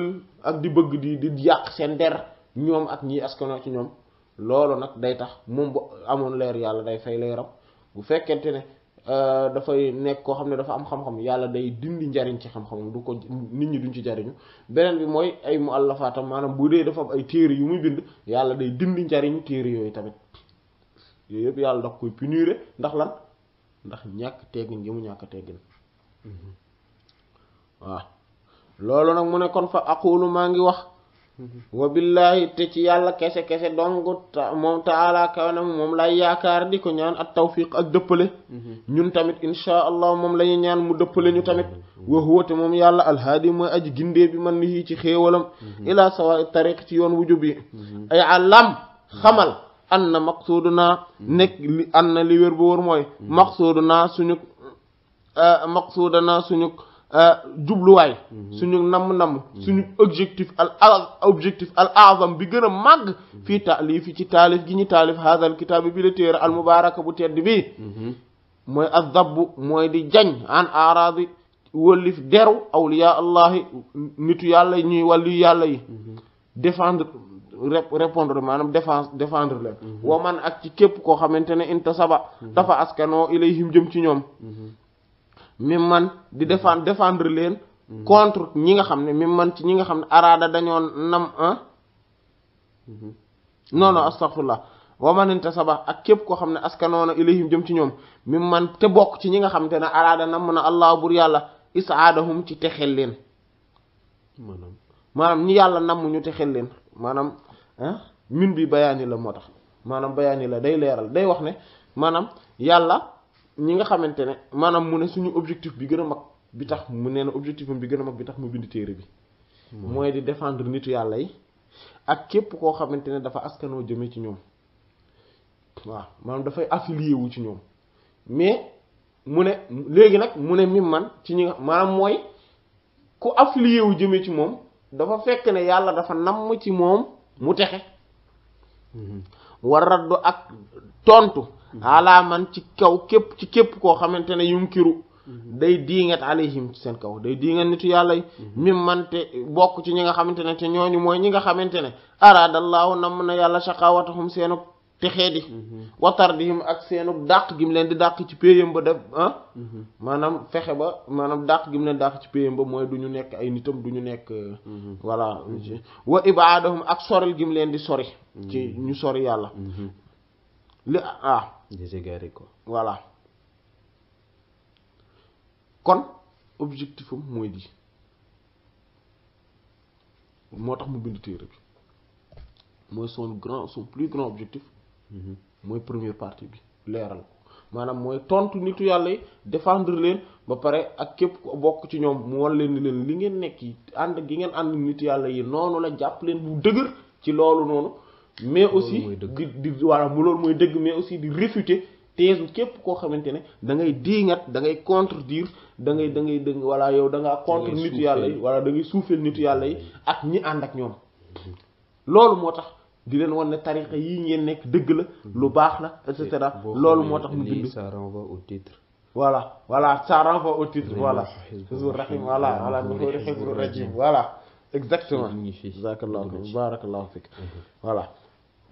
ak di bëgg di di yàq seen der ñoom ak ñi askano ci ñoom loolu nag day tax moom bu amoon leer yàlla day fay leeram bu fekkente ne Euh, dafay nekk koo xam ne dafa am xam-xam yàlla day dindi njariñ ci xam-xam du ko nit ñi duñ ci jariñu beneen bi mooy ay mu allafaatam maanaam bu dee dafa am ay téere yu muy bind yàlla day dindi njariñu téere yooyu tamit yooyu yëpp yàlla daf koy punir ndax lan ndax ñàkk teggin gi mu ñàkk teggin mm-hmm. waaw loolu nag mu ne kon fa aqulu maa ngi wax wa billaahi te ci yàlla kese kese dong moom taala kawana moom lay yaakaar di ko ñaan ak tawfiq ak dëppale mm-hmm. ñun tamit insha allah moom la ñuy ñaan mu dëppale ñu tamit wa huwa moom yàlla alhaadi mooy aji gindee bi man ni ci xéewalam mm-hmm. ila sawa tariq ci yoon wujub bi mm-hmm. ay alam xamal an na maqsuuduna nekk li an na li wér bu wóor mooy maqsuuduna suñu ah, maqsuuduna suñuk Euh, jubluwaay mhm. suñu nam namm mhm. suñu objectif al objectif al azam bi gën a màgg mhm. fii taalifi ci taalif gi ñu taalif haadal kitaabi bi la téere al mubaaraka bu tedd bi mooy azab mooy di jañ an araadi wëllif deru awliya allahi nitu yàlla ñuy wàllu yàlla yi défendre répondre maanaam défense défendre leen wa man ak ci képp koo xamante ne intasaba dafa askanoo ilayhim jëm ci ñoom mi man di défendre défendre len contre ñi nga xamné arada mi man ci ñi nga xamné arada nam ah mm-hmm. non non astaghfirullah wa man intasaba ak kep ko xamné ne askanoona ilayhim jëm ci ñoom mi man te bok ci ñi nga xamné na arada nam na allah bur yàlla isaadahum ci texel manam manam ñi nam ñu texel len manam ah min bi bayani la motax manam bayani la day leeral day wax ne manam yalla ñi nga xamante ne maanaam mu ne suñu objectif bi gën a mag bi tax mu nee na objectif bi gën a mag bi tax mu bind téere bi mooy di défendre nitu yàlla yi ak képp koo xamante ne dafa askanoo jëme ci ñoom waaw maanaam dafay affilié wu ci ñoom mais mu ne léegi nag mu ne mi man ci ñi nga mooy ku affilié wu jëme ci moom dafa fekk ne yàlla dafa namm ci moom mu texe mm-hmm. war raddu ak tontu ala man ci kaw képp ci képp koo xamante ne yunkiru mhm. day diingat alayhim ci seen kaw day diingat nitu yàlla yi mhm. mim mante bokk ci ñi nga xamante ne te ñooñu mooy ñi nga xamante ne araadallaahu nam na yàlla shaqawatahum seenuk texee di mhm. watardihim ak seenu dàq gim leen di dàq ci péyam ba def ah maanaam fexe ba maanaam dàq gim leen dàq ci péyam ba mooy du ñu nekk ay nitam du ñu nekk euh, voilà wa ibaadahum ak soril gim leen di sori ci ñu sori yàlla li ah voilà kon objectif moy di lii son grand son plus grand objectif moy mhm. première partie bi suis manam moy tontu défendre les ba paré ak kep de ci les mu len ni li ngeen nekk yi gi ngeen nitu yi mais aussi di di wala mu loolu mooy dëgg mais aussi di réfuter thèse képp ko xamantene da ngay diingat da ngay contredire da ngay da ngay deug wala yow da nga contre nitu yalla yi wala da ngay suufeel nitu yalla yi ak ñi and ak ñom loolu motax di len wan ne tarixa yi ngeen nek deug la lu bax la et cetera loolu moo tax mu bind voilà voilà ça renvoie au titre voilà hizbur rahim voilà voilà ñu koy hizbur rajim voilà exactement barakallahu fik mhm. voilà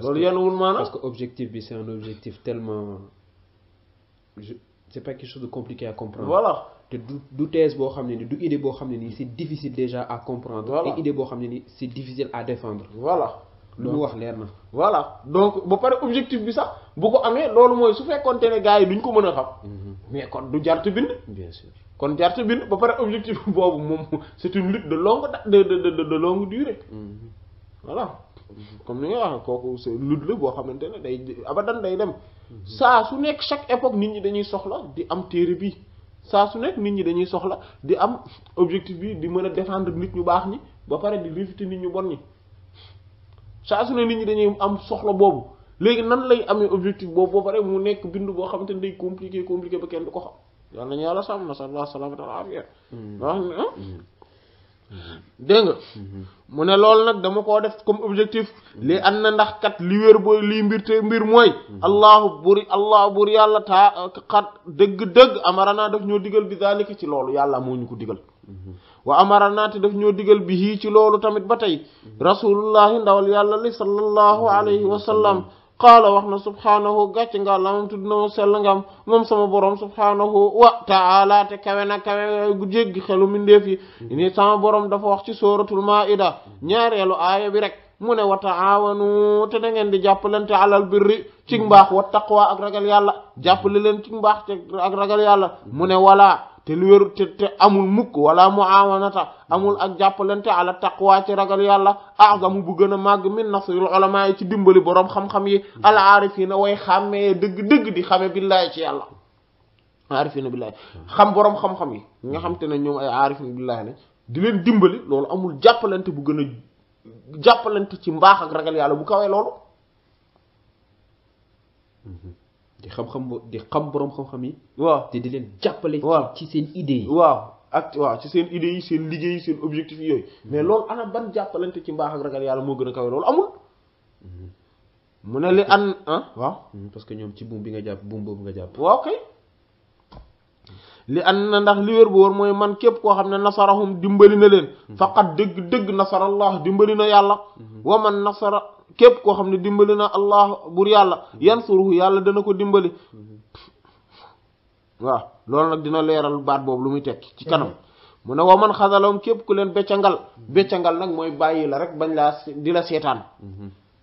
loolu yanuwul parce que objectif bi c'est un objectif tellement je c'est pas quelque chose de compliqué à comprendre. voilà te du thèse boo xam ni du idée c'est difficile déjà à comprendre. voilà te idée boo xam c'est difficile à défendre. voilà Donc wax voilà donc ba pare objectif bi sax bu ko amee loolu mooy su fekkonté né gars duñ ko mëna xam. Mm-hmm. mais kon du jartu bind. bien sûr kon jartu bind ba pare objectif bobu mom c'est une lutte de longue de de de de longue durée. Mm-hmm. voilà. comme ni nga wax kooku c'est ludd la boo xamante ne day abadan day dem saa su nekk chaque époque nit ñi dañuy soxla di am téere bi saa su nekk nit ñi dañuy soxla di am objectif bi di mën a défendre nit ñu baax ñi ba pare di réfuter nit ñu bon ñi saa su ne nit ñi dañuy am soxla boobu léegi nan lay amee objectif boobu boo pare mu nekk bind boo xamante ne day compliqué compliqué ba kenn du ko xam yal nañu yàlla sàmm na sallallahu alayhi wa sallam dégg mhm. mu ne loolu nag dama koo def comme objectif li an na ndax kat li wér booy lii mbir te mbir mooy mhm. allahu buur allahu buri yàlla taa xat dëgg-dëgg amaranaa daf ñoo digal bi zalika ci loolu yàlla moo ñu ko digal mhm. wa amaranaa te daf ñoo digal bi hii ci loolu tamit ba tey rasulullahi ndawal yàlla li sallallahu alayhi wa qaala wax na subhaanahu gàcc nga lamam tudd na mu sell ngam moom sama boroom subhaanahu wa taala te kawe na kawe gu jéggi xelu mindeef yi ni sama boroom dafa wax ci sóoratul ida ñaareelu aaya bi rek mu ne wa taawanu te da ngeen di jàpp jàppalante alal birri ci mbaax wa wa ak ragal yàlla jàppale leen ci mbaax te ak ragal yàlla mu ne walaa te lu wéru te te amul mukk wala muawanata amul ak jàppalante ala taqwa ci ragal yàlla azamu bu gën a màgg min nasril ulama yi ci dimbali boroom xam-xam yi al aarifina way xàmmee dëgg-dëgg di xame billaahi ci yàlla aarifina billaahi xam boroom xam-xam yi nga xam te ne ñoom ay aarifina billaahi ne di leen dimbali loolu amul jàppalante bu gën a jàppalante ci mbaax ak ragal yàlla bu kawee loolu mm-hmm. di xam-xam di xam borom xam-xam yi waaw te di leen jàppale waaw ci seen idée yi waaw ak waaw ci seen idée yi seen liggéey seen objectif yooyu hmm. mais loolu ana ban jàppalante ci mbaax ak ragal yàlla moo gën a kawe loolu amul hmm. mu an ah waaw hmm, parce que ñoom ci buum bi nga jàpp buum boobu nga jàpp waaw kay li an na ndax li wér bu wóor mooy man képp koo xam ne nasarahum dimbali na leen faqat dëgg dëgg nasarallah dimbali na yàlla wa man nasara képp koo xam ne dimbali na allah bur yàlla yan suruhu yàlla dana ko dimbali waaw loolu nag dina leeral baat boobu lu muy tekki ci kanam mu ne waman xasalom képp ku leen beccangal beccangal nag mooy bàyyi la rek bañ laa di la seetaan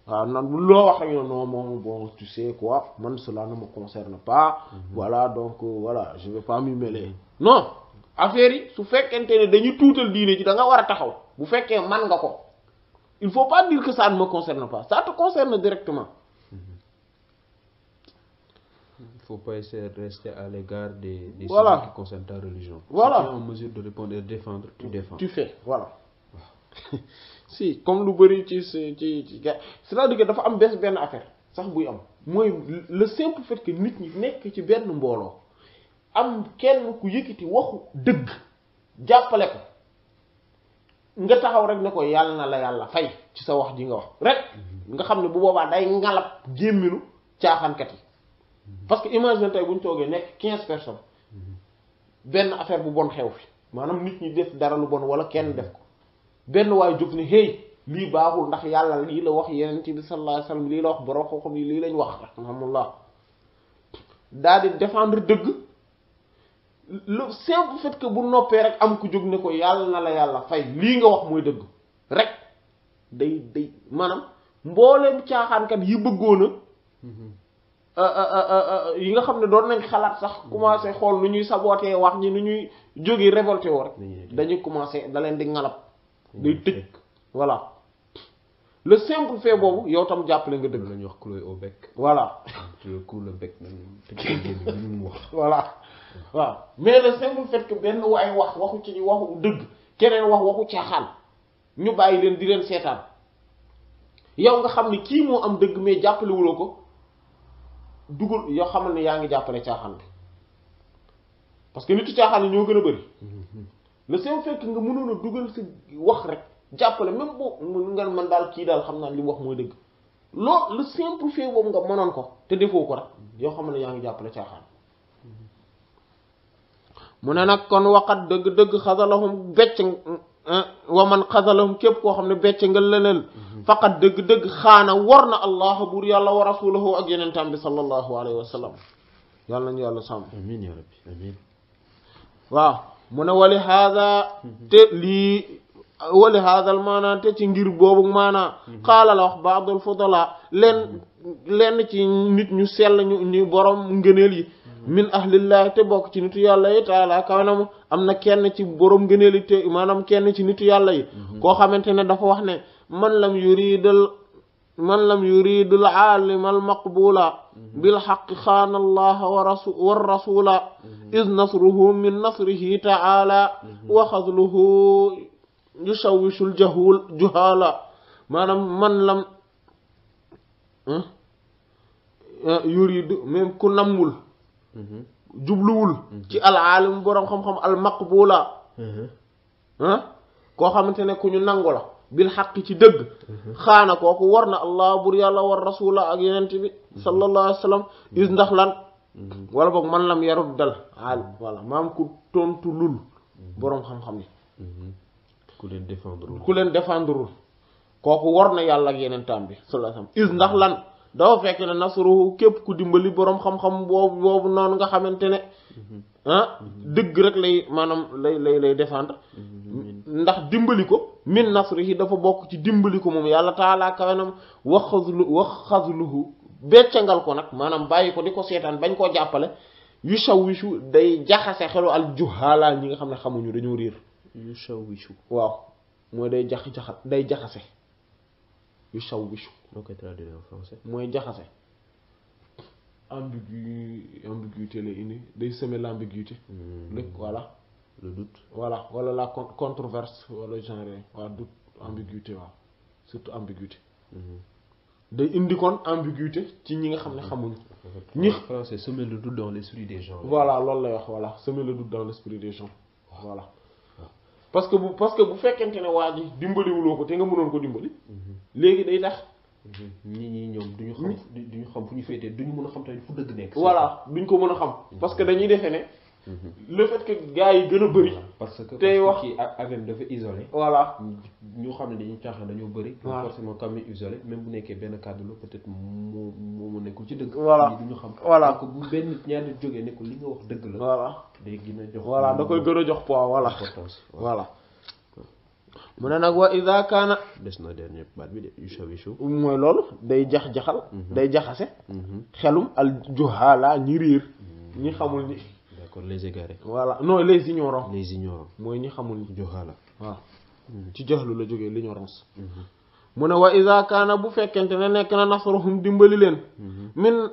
waaw nan bu loo wax ñu non moom bon tu sais quoi man cela ne me concerne pas voilà donc voilà je vais pas m'y mêler non affaire yi su fekkente ne dañu tuutal diine ci da nga war a taxaw bu fekkee man nga ko il ne faut pas dire que ça ne me concerne pas. Ça te concerne directement. Il ne faut pas essayer de rester à l'égard des, des qui concernent ta religion. Si tu es en mesure de répondre et de défendre, tu défends. Tu fais, voilà. si, comme nous bëri ci cest là dire que dafa am bes bonne affaire Ça buy am Moi, le simple fait que nit ñi nekk ci benn mbolo am kenn ku yëkkati waxu dëgg jappalé ko nga taxaw rek ne ko yàlla na la yàlla fay ci sa wax ji nga wax rek nga xam ne bu boobaa day ngalab gémminu caaxaankat yi parce que imagine tey bu ñu toogee nekk quinze personnes benn affaire bu bon xew fi maanaam nit ñi def dara lu bon wala kenn def ko benn waaye jóg ne hey lii baaxul ndax yàlla lii la wax yeneen ci bi sallallahu alayhi lii la wax borom xam-xam yi lii lañ wax rahmatullah daal di dëgg le simple fait que bu noppee rek am ku jóg ne ko yàlla na la yàlla fay lii nga wax mooy dëgg rek day day maanaam mbooleem caaxaankat yi bëggoona mm-hmm. euh, euh, euh, yi nga xam ne doon nañ xalaat sax mm-hmm. commencé xool nu ñuy sabootee wax ñi nu ñuy jógee révolté woo rek dañuy commencé da leen di ngalab day tëj voilà le simple fait boobu yow tam jàppale nga dëgg. la ñuy wax cloué au bec. voilà. Ah, cloué au bec. voilà. waaw mais le simple fait que benn waay wax waxu ci waxu dëgg keneen wax waxu caaxaan ñu bàyyi leen di leen seetaan yow nga xam ni kii moo am dëgg mais jàppalewuloo ko dugal yoo xamal ne yaa ngi jàppale caaxaan parce que nitu caaxaan yi ñoo gën a bëri le simple fait que nga dugal sa wax rek jàppale même boo nga man daal kii daal xam naa li mu wax mooy dëgg loolu le simple fait nga mënoon ko te defoo ko rek yoo xam ne yaa ngi jàppale caaxaan mu ne nag kon waqat dëgg-dëgg xasalahum becc wa man xasalahum képp koo xam ne becc nga leneen faqat dëgg-dëgg xaana war na allah buur yàlla wa rasulahu ak yenentam bi sallallahu alayhi wa sallam yàlla nañu yàlla sàmm amiin ya rabbi amiin waaw mu ne wali haada te lii wali haadal maanaa te ci ngir boobu maanaa xaala la wax baadul fudala leen lenn ci nit ñu sell ñu ñu borom ngëneel yi min ahlillah te bokk ci nitu yàlla yi taala kaw na mu am na kenn ci borom ngëneeli te maanaam kenn ci nitu yàlla yi mhm. koo xamante ne dafa wax ne man lam yuridal man lam yuridul aalima al maqbula mhm. bil xaqi xaana allaha wa rasu war mhm. man lam eh, eh, yuridu même ku nammul jubluwul ci al aalim boroom xam-xam al maqbula koo xamante ne ku ñu nangu la bil xaq ci dëgg xaana kooku war na allah bur yàlla war rasula ak yenent bi sallallahu alayhi ndax lan wala boog man lam yarut dal aalim voilà maam ku tontu lul boroom xam-xam yi ku leen défendrewul kooku war na yàlla ak yenentaam bi sallallahu alayhi wa is ndax lan dafa fekk na nasruhu képp ku dimbali boroom xam-xam boobu boobu noonu nga xamante ne mhm. ah dëgg rek lay maanaam lay lay lay défendre mhm. ndax dimbali ko min nasrihi dafa bokk ci dimbali ko moom yàlla taalaa kawenam wax xaslu wax xasluhu beccangal ko nag maanaam bàyyi ko di ko seetaan bañ koo jàppale yu shawishu day jaxase xelu al juhaala ñi nga xam ne xamuñu dañoo réer yu shawishu waaw mooy day jax jaxat day jaxase yu shawishu noo traduit en français j'ai jaxase ambigu ambiguïté les indi day semer l'ambiguïté hmm. lépp voilà le doute voilà Voilà la controverse Voilà le genre le doute ambiguïté voilà surtout ambiguïté hmm. day indi kon ambiguïté ci ñi nga pas. ne hmm. xamuñu. ñi français semer le doute dans l'esprit des gens. voilà loolu lay wax voilà semer le doute dans l'esprit des gens voilà. Ah. parce que bu parce que bu que ne waa ji dimbaliwuloo ko te nga mënoon ko dimbali. léegi day tax nit ñi ñoom duñu xam duñu xam fu ñu féetee duñu mën a xam tamit fu dëgg nekk. voilà duñ ko mën a xam. Mm-hmm. parce que dañuy defee ne. Mm-hmm. le fait que gars yi gën a bëri. parce que tey wax ci AVM dafa isolé. voilà ñu xam ne dañuy caaxaan dañoo bëri. forcément comme ni isolé même bu nekkee benn kàddu la peut-être moo moo nekkul ci dëgg. voilà duñu xam. voilà donc bu benn ñaar nit jógee nekkul li nga wax dëgg la. voilà day gën a jox. voilà da koy gën a jox poids voilà. voilà. mu ne nag wa ida kaana des na dernier baat bi de yusawisu mooy loolu day jax-jaxal day jaxase xelum al juhala ñi riir ñi xamul ni d'accord les égarés voilà non les ignorants les ignorants mooy ñi xamul ni juhala waaw ci jaxlu la jógee l'ignorance mu ne wa ida kaana bu fekkente ne nekk na nasruhum dimbali leen min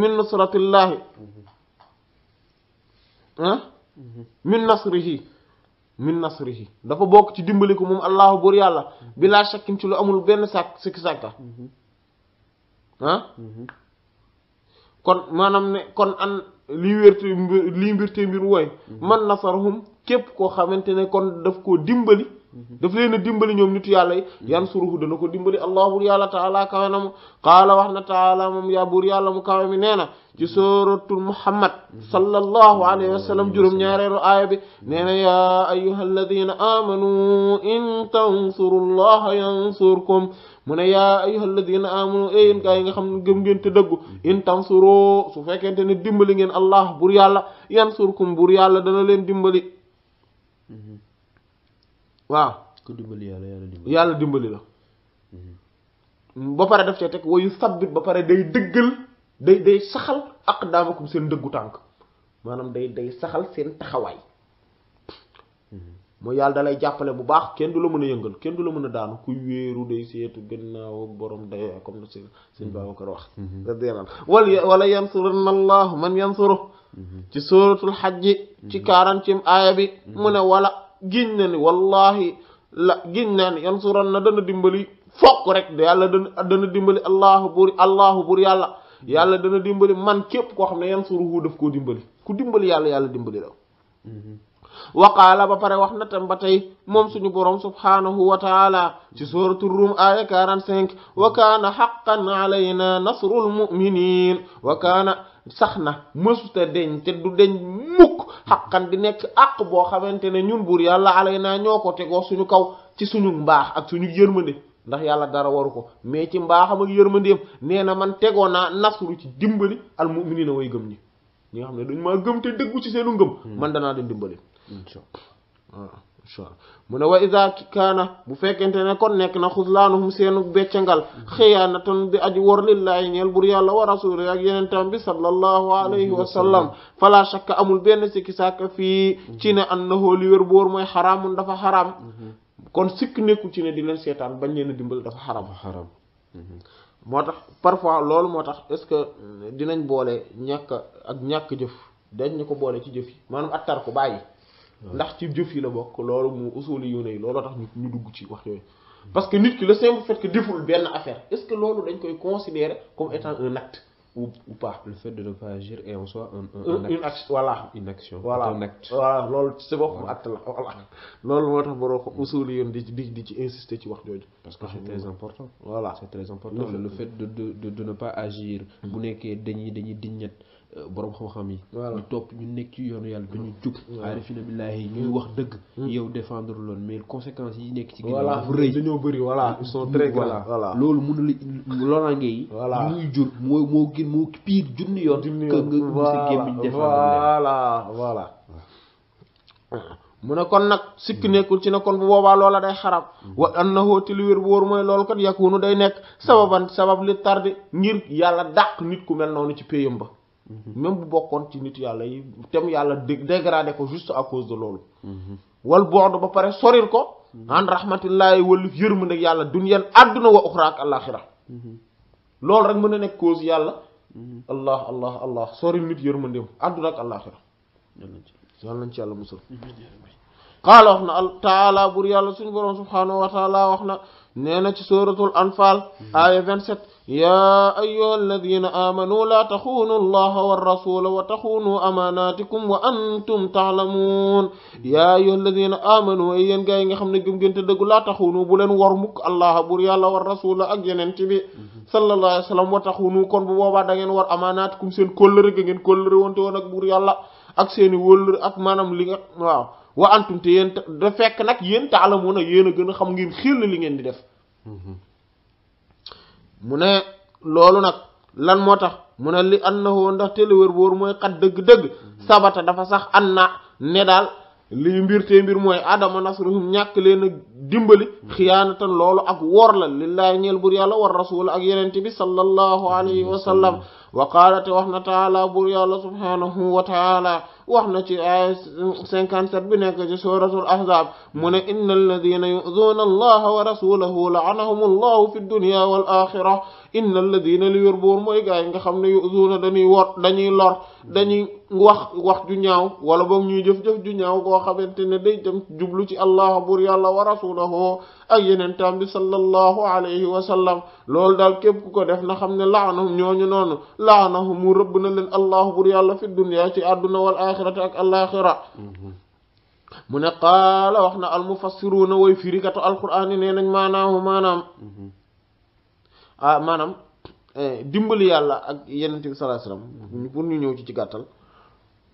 min nusratillahi min nasrihi min nasrihi dafa bokk ci dimbali ko moom allahu buur yàlla bilaa shakkin ci lu amul benn sàkk sikki sàkka mm-hmm. ah mm-hmm. kon maanaam ne kon an lii wérte lii mbirte mbir woy mm-hmm. man nasarahum képp koo xamante ne kon daf koo dimbali daf leen a dimbali ñoom nitu yàlla yi yan suruhu dana ko dimbali allah bur yàlla taala kawe qaala wax na taala moom yaa bur yàlla mu kawe mi nee na ci suratul muhammad sallallahu alayhi wa sallam juróom-ñaareeru aaya bi nee na yaa ayyuha alladina amanu in tansuru allaha yansurkum mu ne yaa ayyuha alladina amanu eh, yéen gaa yi nga xam ne gëm ngeen te dëggu in tansuro su fekkente ne dimbali ngeen allah bur yàlla yansurkum bur yàlla dana leen dimbali mm-hmm. waaw ku dimbali yàlla yàlla dimbali yàlla dimbali la mm-hmm. ba pare def cee teg wayu sabbit ba pare day dëggal day day saxal ak daamakum seen dëggu tànk maanaam day day saxal seen taxawaay mm-hmm. moo yàlla da jàppale bu baax kenn du la mën a yëngal kenn du la mën a daanu ku wéeru day seetu gannaaw borom day comme seen seen mm-hmm. Babacar wax radiyallahu wala wala yansuranna man yansuru ci suratul xajji ci quarantième aaya bi mu ne wala giñ na ni wallahi la giñ naa ni yansuran na dana dimbali fokk rek yàlla dana dimbali allahu bur allahu bur yàlla yàlla dana dimbali man képp koo xam ne yansuruhu daf koo dimbali ku dimbali yàlla yàlla dimbali la mm-hmm. waqaala ba pare wax na tam ba tey moom suñu boroom subhaanahu wa taala ci suratul rum aya 45 wa kaana xaqan alayna nasrul muminin wa kaana sax na mësuta deñ te du deñ mukk xaqan di nekk àq boo xamante ne ñun buur yàlla alay naa ñoo ko tegoo suñu kaw ci suñu mbaax ak suñu yërmande ndax yàlla dara waru ko mais ci mbaaxam ak yërmandeem nee na man tegoo naa nasru ci dimbali al mu'minina way gëm ñi ñi nga xam ne dañu maa gëm te dëggu ci seenu ngëm hmm. man danaa leen dimbali waaw muna wa iza kana bu fekente ne kon nek na khuzlanuhum senu beccangal xiyaanatan bi aji wor lillahi ñeel bur yàlla wa rasul ak yenen tam bi sallallahu alayhi wa sallam fala shakka amul benn sikki sàkka fii ci ne annahu li wér boor mooy xaraamun dafa haram kon sikk nekku ci ne di len setan bañ leen dimbal dafa xaraam haram moo parfois lolou motax est-ce que dinañ bolé ñak ak ñak jëf dañ ñu bolé ci jëf yi manam attar ko bàyyi ndax ci jëf yi la bok loolu mu usuli yoone yi looloo tax ñu dugg ci wax parce que nit ki le simple fait que deful à affaire est-ce que loolu dañ koy considérer comme étant un acte ou ou pas. le fait de ne pas agir est en soi un un un acte voilà une action voilà un acte voilà loolu ci acte la voilà loolu moo tax borom xam di di di ci insister ci wax parce que c'est très important. voilà c'est très important le fait de de de ne pas agir. Hum. bu nekkee dañuy dañuy diñet. Euh, borom xam-xam yi. topp ñu nekk yoonu yàlla dañu jub. arifina billahi ñuy hmm. wax dëgg. Hmm. yow défendre loon mais conséquences yi nekk ci. ginnaaw dafa voilà ils hmm. loolu mënul loraange yi. voilà ñuy jur moo moo gën moo pire junni yoon. junni yoon que mu ne kon nag sikk nekkul ci ne kon bu boobaa loola day xarab wa annahu te lu wér bu wóor mooy loolu kat yakunu day nekk sababan sabab li tardi ngir yàlla dàq nit ku mel noonu ci péyam ba Mm-hmm. même bu bokkoon ci nit yàlla yi tem yàlla dégradé ko juste a cause de loolu mm-hmm. wal bood ba pare soril ko mm-hmm. an rahmatillahi walu yërmande yàlla dunyan àdduna wa uxra ak alaxira loolu rek mën na nekk cause yàlla allah allah allah soril nit yërmandeem àdduna ak alaxira yàlla nañ ci yàlla musal qaala wax na al taala bur yàlla suñu borom subhanahu wa taala wax na nee na ci suratul anfal aya 27 يا أيها الذين آمنوا لا تخونوا الله والرسول وتخونوا أماناتكم وأنتم تعلمون يا أيها الذين آمنوا yéen gaa yi nga xam ne gëm ngeen te dëggu laa taxunu bu leen war mukk allah bur yàlla war rasul ak yeneen ci bi sallallahu alayhi wa sallam wa taxunu kon bu boobaa dangeen war amaanaatikum seen kóllëre ga ngeen kóllëre wonte woon ak bur yàlla ak seeni wóllëre ak maanaam li nga waaw wa antum te yéen da fekk nag yéen taalamuuna yéen a gën a xam ngeen xel li ngeen di def mm-hmm. mu ne loolu nag lan moo tax mu ne li annahu ndax li wér wóor mooy xat dëgg-dëgg sabata dafa sax an na ne daal li mbir te mbir mooy adama nasruhum ñàkk leen a dimbali xiyaanatan loolu ak woor la lillaahi ñeel bur yàlla war rasul ak yenente bi sallallahu alayhi wa sallam wa qaala te wax na taala bur yàlla subhanahu wax na ci aaya cinquante-sept bi nekk ci suratul ahzab mu ne inna alladina yu'duna allaha wa rasulahu la'anahum allahu fi dunya wal axira inna alladina li moy boor nga xamne ne yuzuuna dañuy wor dañuy lor dañuy wax wax ju ñaaw wala bok ñuy jëf-jëf ju ñaaw koo xamantene day dem jublu ci allah buur yàlla wa rasuluhu ak yenen tam bi sallallahu alayhi wa sallam lol dal kep ku ko def na xamne ne ñoñu non noonu laanahum mu rëbb na leen allah buur yàlla fi dunya ci aduna wal akhirati ak al-akhirah mun qala waxna al-mufassiruna way firikatu al yi nee nañ manam ah maanaam eh, dimbali yàlla ak yenent bi pour ñu ñëw ci ci gàttal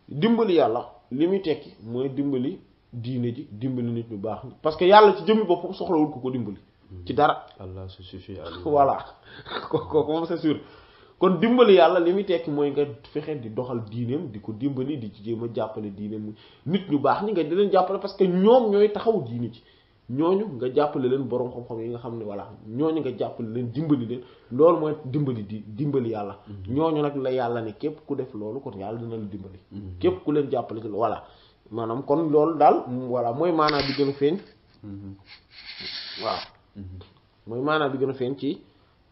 dimbali yàlla li muy tekki mooy dimbali diine ji dimbali nit ñu baax parce que yàlla ci jëmmi boppam soxlawul ko ko dimbali ci dara Allah se suffit voilà kooku moom c'est sûr kon dimbali yàlla li muy tekki mooy nga fexe di doxal diineem di ko dimbali di ci jéem a jàppale diineem nit ñu baax ñi nga di jàppale parce que ñoom ñooy taxaw diine ji ñooñu nga jàppale leen boroom xam-xam yi nga xam ne voilà ñooñu nga jàppale leen dimbali leen loolu mooy dimbali di dimbali yàlla mm-hmm. ñooñu nag la yàlla ne képp ku def loolu kon yàlla dina la dimbali mm-hmm. képp ku leen jàppale ci voilà maanaam kon loolu daal voilà mooy maanaa bi gën a feeñ mm-hmm. mooy maanaa bi gën ci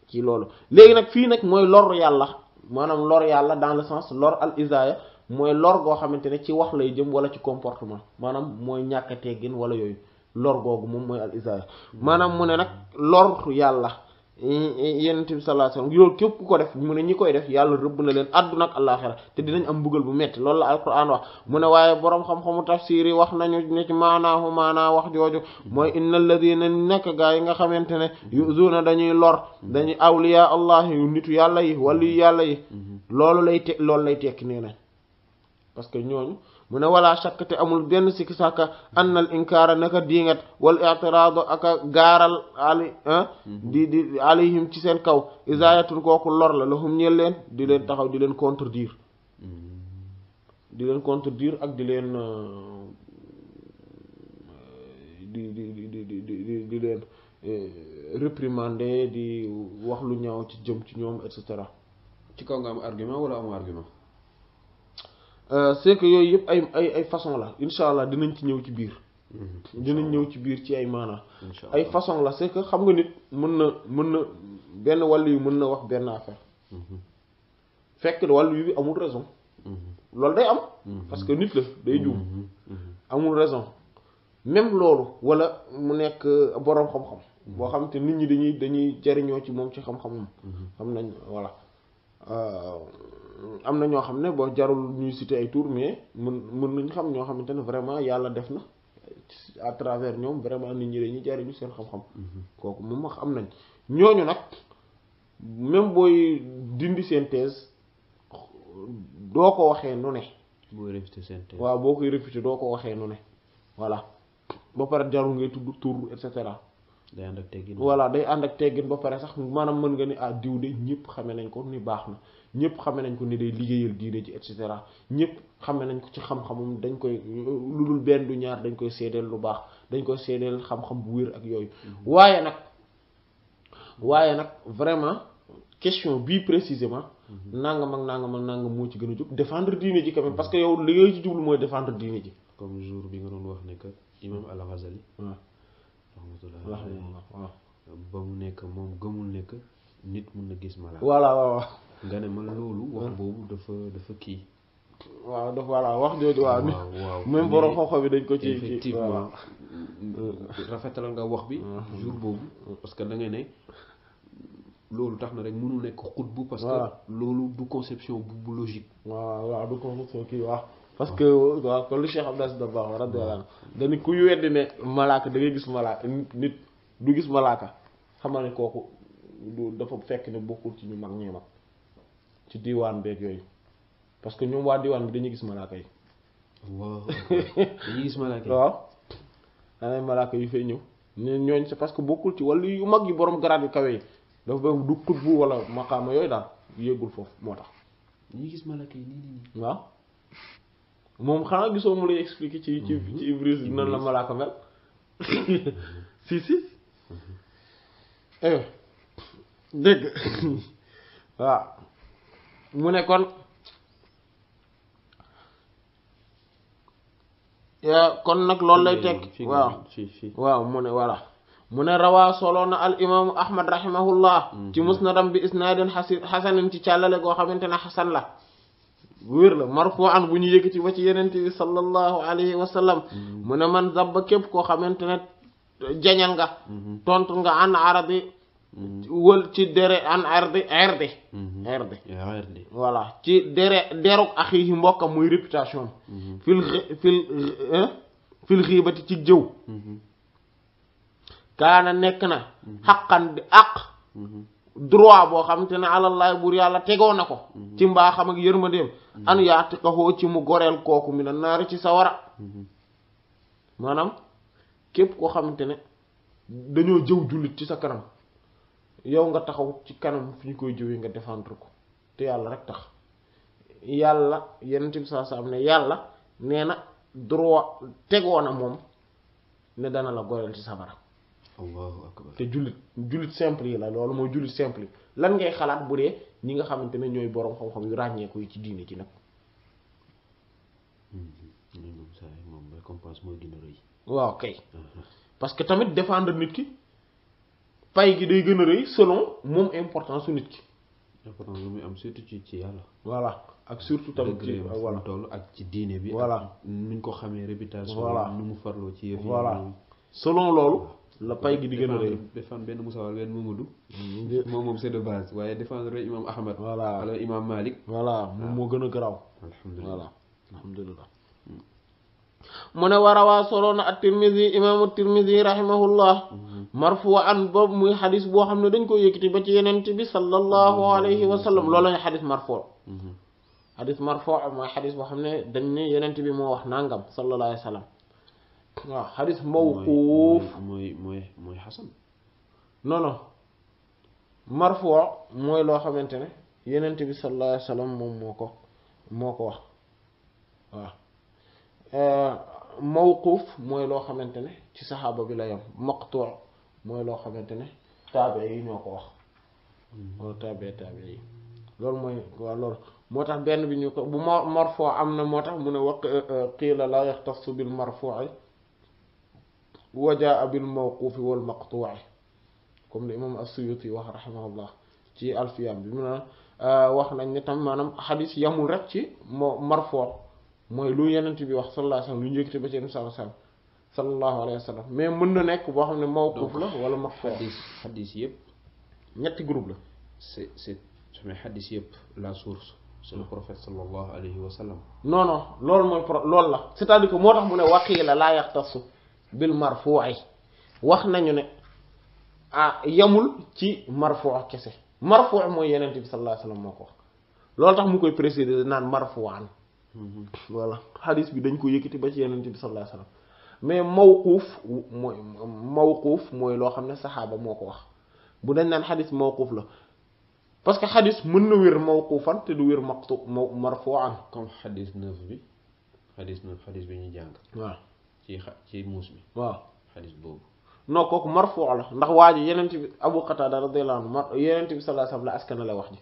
ci loolu léegi nag fii nag mooy lor yàlla maanaam lor yàlla dans le sens lor al isaaya mooy lor goo xamante ne ci wax lay jëm wala ci comportement maanaam mooy ñàkk a teggin wala yooyu lor googu moom mooy al isaaya maanaam mu ne nag lor yàlla yenent bi sallallahu alayhi wasallam yoolu képp ku ko def mu ne ñi koy def yàlla rëbb na leen àdduna ak àllaaxira te dinañ am mbugal bu metti loolu la alquran wax mu ne waaye boroom xam-xamu tafsir yi wax nañu ne ci maanaahu maanaa wax jooju mooy innal ladina nekk gaa yi nga xamante ne yuzuuna dañuy lor dañuy awliya allah yu nitu yàlla yi waliyu yàlla yi mm-hmm. loolu lay te loolu lay tekki nee na parce que ñooñu mu ne wala shakk te amul benn sikki sàkka anna al inkaara naka diingat wal i'tiraadu aka gaaral ali ah, mhm. di di alayhim ci seen kaw isaayatun kooku lor la lahum ñeel leen di leen taxaw di leen contredire mhm. di leen contredire ak di leen euh, di di di di euh, di wax lu ñaaw ci jëm ci ñoom et ci kaw nga am argument wala am argument Euh, c'est que yooyu yëpp ay ay ay façon la inshallah dinañ ci ñëw ci biir. dinañ ñëw ci biir ci ay maana ay façon la c'est que xam nga nit mën na mën na ben walu yu mën na wax ben affaire. Mhm. fekk walu yu amul raison. Mhm. loolu day am. Mhm. parce que nit la day juum. amul raison même loolu wala mu nekk euh, borom xam-xam. bo xam te nit ñi dañuy dañuy jariñoo ci mom ci xam xam xam nañ voilà. Euh, am na ñoo xam ne boo jarul ñuy citer ay tour mais mun mun nañ xam ñoo xamante ne vraiment yàlla def na à travers ñoom vraiment nañ ñi dañuy jariñu seen xam-xam mm-hmm. kooku moom wax am nañ ñooñu nag même booy dindi seen thèse doo ko waxee nu ne booy réfuter seen waaw boo koy réfuter doo ko waxee nu ne voilà ba pare jarul ngay tudd tour et cetera day ànd ak teggin voilà day ànd ak teggin ba pare sax maanaam mën nga ni ah diw de ñëpp xame nañ ko ni baax na ñëpp xame nañ ko ni day liggéeyal diine ji et cetera ñëpp xame nañ ko ci xam-xamum dañ koy lu dul benn du ñaar dañ koy seedeel lu baax dañ koy seedeel xam-xam bu wér ak yooyu mm-hmm. waaye nag waaye nag vraiment question bii précisément mm-hmm. nangam ak nangam ak nangam moo ci gën a jóg défendre diine ji kame parce que yow li ngay ci jublu mooy défendre diine ji comme jour bi nga doon wax ne que imam al ba mu nekk moom gëmul nekk nit mun na gis mala voilà waaw nga ne ma loolu wax boobu dafa dafa kii waaw dafa voilà wax jooju waaw même borom xoxo bi dañ ko ci effectivement hmm. rafetal nga wax bi jour boobu parce que da nga ne loolu tax na rek mënul nekk xut bu parce que loolu du conception bu bu logique waaw waaw du conception kii waaw parce que waaw kon lu Cheikh Abdas da baax radiyallahu anhu dañ ku ne malaaka da ngay gis malaka nit du gis malaka xamal ne kooku du dafa fekk ne bokkul ci ñu mag mag ci diwaan beeg yooyu parce que ñoom waa diwaan bi dañuy gis malaaka yi. waaw dañuy malaaka yi waaw. yu fay ñëw ñooñ ñooñu c'est parce que bokkul ci wàllu yu mag yi boroom garaat yu kawe dafa bëgg du tudd wala maqaama yooyu daal yëgul foofu moo tax. dañuy gis malaaka yi nii nii. moom xanaa gisoo mu lay expliquer ci ci mhm. ci Ibris nan la malaaka mel si si. Mhm. Eh. dégg waaw. mu ne kon kon nag lool lay teg waaw waaw mu ne voilà mu ne rawaa soloo na al imaamu ahmad rahimahullah mhm. ci musnadam bi isnaadin xasanin ci càllale goo xamante ne xasan la wér la marfoo an bu ñu yëkkati ba ci yenente bi sallallahu alayhi wa sallam mhm. mu ne man zabba képp koo xamante ne jañal nga mhm. tontu nga an arabi Mm-hmm. wal ci dere an ardi ardi ardi voilà ci dere deruk axi yi mbokkam muy réputation mm-hmm. fil xiibati eh? ci jëw mm-hmm. kaana nekk na xaqan di àq droit boo xam te ne alallaay buur yàlla tegoo na ko ci mbaaxam ak yërmandeem an yaati kaxoo ci mu goreel kooku mi na naari ci sawara maanaam képp koo xam te ne dañoo jëw jullit ci sa kanam yow nga taxaw ci kanam fi ñu koy jëwee nga défendre ko te yàlla rek tax yàlla yenn bi saa am ne yàlla nee na droit tegoona moom ne dana la goyal ci sabara te jullit jullit simple yi la loolu mooy jullit simple yi lan ngay xalaat bu dee ñi nga xamante ne ñooy boroom xam-xam yu ràññeeku yi ci diine ci nag hmm, hmm. waaw kay parce tamit défendre nit ki pay gi day gën a rëy selon moom importance su nit ki. importance lu muy am surtout ci ci yàlla. voilà ak surtout tamit ci voilà toll ak ci diine bi. voilà ni ñu ko xamee réputation. voilà nu mu farloo ci yëf yi. voilà selon loolu. la pay gi di gën a rëy défendre benn Moussa wala mu Mamadou. moom moom c'est de base waaye défendre imam Ahmad. voilà wala imam Malik. voilà ah. moom moo gën a garaaw. alhamdulilah alhamdulilah. mu ne war a waa solo na at-Tirmidhi imaamu at-Tirmidhi rahimahullah marfu an boobu muy xadis boo xam ne dañ ko yëkkati ba ci yenent bi sallallahu alayhi wa sallam loolu lañu xadis marfu xadis marfu mooy xadis boo xam ne dañ ne yenent bi moo wax nangam sallallahu alayhi wa sallam waaw xadis mawquuf mooy mooy mooy xasan non non mooy loo xamante ne yenent bi sallallahu alayhi wa sallam moom moo ko moo ko wax waaw موقوف موي لو خامتاني شي صحابه بلا يوم مقطوع موي لو خامتاني تابعي نيوكو واخ مو تابع تابعي لول موي لول موتاخ بن بي نيوكو بو مرفوع امنا موتاخ من وق قيل لا يختص بالمرفوع وجاء بالموقوف والمقطوع كم الامام السيوطي رحمه الله تي الفيام بمنا واخ نان ني تام مانام حديث يامول رك تي مرفوع moy lu yenent bi wax sallallahu alayhi wasallam lu njëkkati ba ci yenent sallallahu alayhi wasallam mais mën na nek bo xamne mawquf la wala maqfu hadith hadith yëpp ñetti groupe la c'est c'est mais hadith yëpp la source c'est le prophète sallallahu alayhi wasallam non non lool moy lool la c'est-à-dire que motax mu ne waqiila la yaqtasu bil marfu'i wax nañu ne ah yamul ci marfu kesse marfu mooy yenent bi sallallahu alayhi wasallam moko lool tax mu koy préciser nan marfu'an voilà xadis bi dañ ko yëkkati ba ci yenente bi sallallahu alayhi mais mawquuf mooy mawquuf mooy loo xam ne saxaaba moo ko wax bu dañ naan xadis mawquuf la parce que xadis mën na wér mawquufan te du wér maqtu marfu'an comme xadis neuf bi bi ñu jàng ci ci waaw xadis boobu non kooku marfu' la ndax waa ji yenent bi Abu Qatada radiyallahu anhu yenent wax ji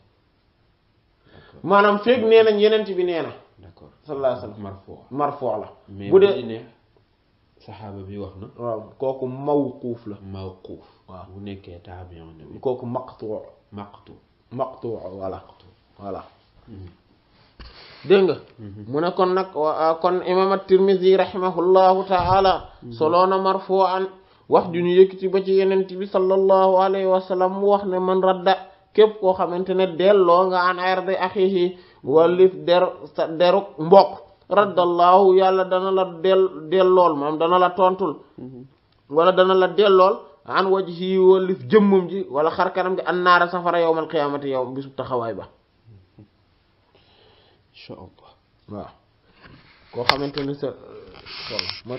maanaam feeg nee nañ yenent bi nee na d'accord sallallahu alayhi wa sallam marfoo marfoo la bu dee ne saxaaba bi wax na waaw kooku la mawquuf waaw bu nekkee taabiyon la kooku maqtuu maqtu maqtu voilà voilà dégg nga mu kon nag kon imam at-Tirmidhi rahimahullahu taala soloo na marfoo wax ju ñu yëkkati ba ci yenent bi sallallahu alayhi wa wax ne man radda képp koo xamante ne nga an ardi axihi wallif der sa deruk mbokk raddallaahu yàlla dana la del dellool maam dana la tontul mm-hmm. wala dana la dellool an wajhi wallif jëmmam ji wala xar kanam gi an naara safara yowmal qiyaamati yow bisu taxawaay ba insha allah waaw koo xamante ne sa xol maa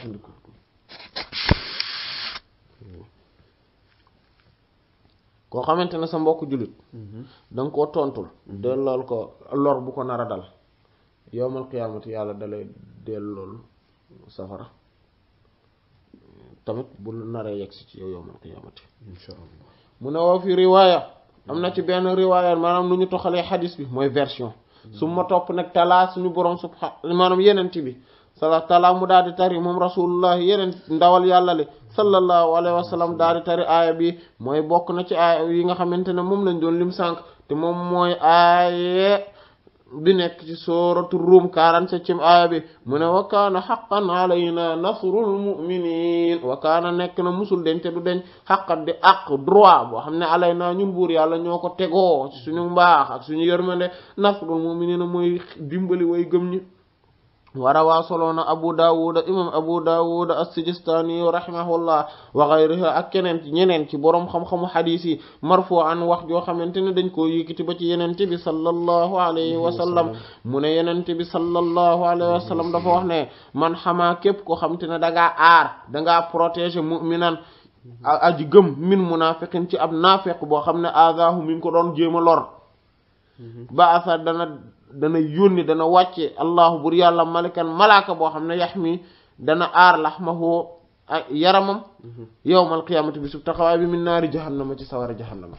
koo xamante ne sa mbokk jullit mhm. da nga koo tontul mhm. dellool ko lor bu ko nar a dal yowmal qiyaamati yàlla dalay dellool safara tamit bu naree yegsi ci yow yowmal qiyaamati insha allah mu ne woo fi riwaaya am na ci benn riwaaya maanaam lu ñu toxalee xadis bi mooy version mhm. su ma topp nag talaa suñu borom subha maanaam yenent bi talaa mu daal di tari moom rasulullah yeneen ndawal yàlla le sallallahu alayhi wa sallam daal di tari aaya bi mooy bokk na ci aaya yi nga xamante ne moom lañ doon lim sànq te moom mooy aaya bi nekk ci sooratu Ruum 47 aaya bi mu ne wa kaana xaqan alayna nasrul muminin wa kaana nekk na musul deñ te du deñ xaqat di àq droit boo xam ne alayna ñun buur yàlla ñoo ko tegoo ci suñu mbaax ak suñu yërmande nasrul muminin mooy dimbali woy gëm ñi وروى سلون أبو داود إمام أبو داود السجستاني رحمه الله وغيره ak keneen ci ñeneen ci borom xam-xamu xadiis yi marfu'an wax joo xamante ne dañ koo yëkkati ba ci Yonent bi sallallahu man xamaa képp ko xam te ne dangaa aar dangaa protéger aji gëm min munaafiqin ci ab naafiq boo xam ne aadaahu mhm. ba asadana dana yónni dana wàcce allahu bur yàlla malikan malaaka boo xam ne yax mi dana aar laxmahu yaramam mhm. yowmal qiyaamati bi sub taxawaay bi min naari jahannama ci sawara jahannama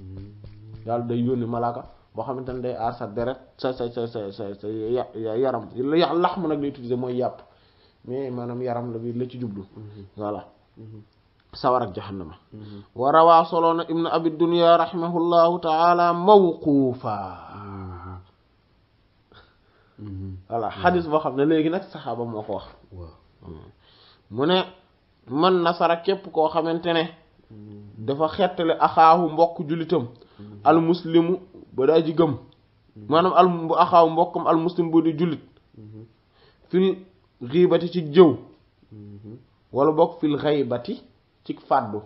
mhm. yàlla day yónni malaaka boo xamante ne day sa deret sa sa sa sa sa sa yaram laxma nag lay utiliser mooy yàpp mais maanaam yaram la bi la ci jublu mhm. voilà sawar ak jahannama wa rawaa soloona ibnu abi dunya rahimahullahu taala mawquufa voilà xadis boo xam ne léegi nag saxaaba moo ko wax hmm. mu ne man nasara képp koo xamante ne hmm. dafa xettale axaahu mbokk jullitam hmm. al muslimu ba daa ji gëm maanaam al bu mbokkam al bu di jullit fil xiibati ci jëw wala bokk fil xaybati ci fàddu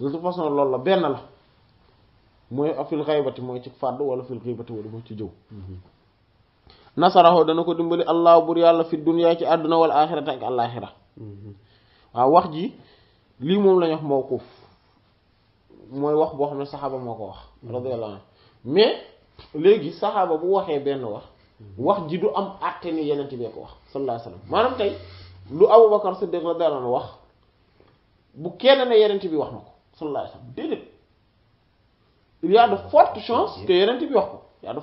de façon loolu la benn la mooy fil xaybati mooy ci fàddu wala fil xiibati wala bokk ci jëw nasarahu dana ko dimbali allah bur yàlla fi dunya ci àdduna wal axirata ak àlaxira waaw wax ji lii moom lañ wax mawquuf mooy wax boo xam ne saxaaba moo ko wax radiyallahu anhu mais léegi saxaaba bu waxee benn wax wax ji du am àtte ni yenent bee ko wax sallallahu alayhi wasallam lu Abubakar Siddiq radiyallahu anhu wax bu kenn ne yenent bi wax na ko sallallahu alayhi wasallam déedéet il y a de fortes bi wax ko il y a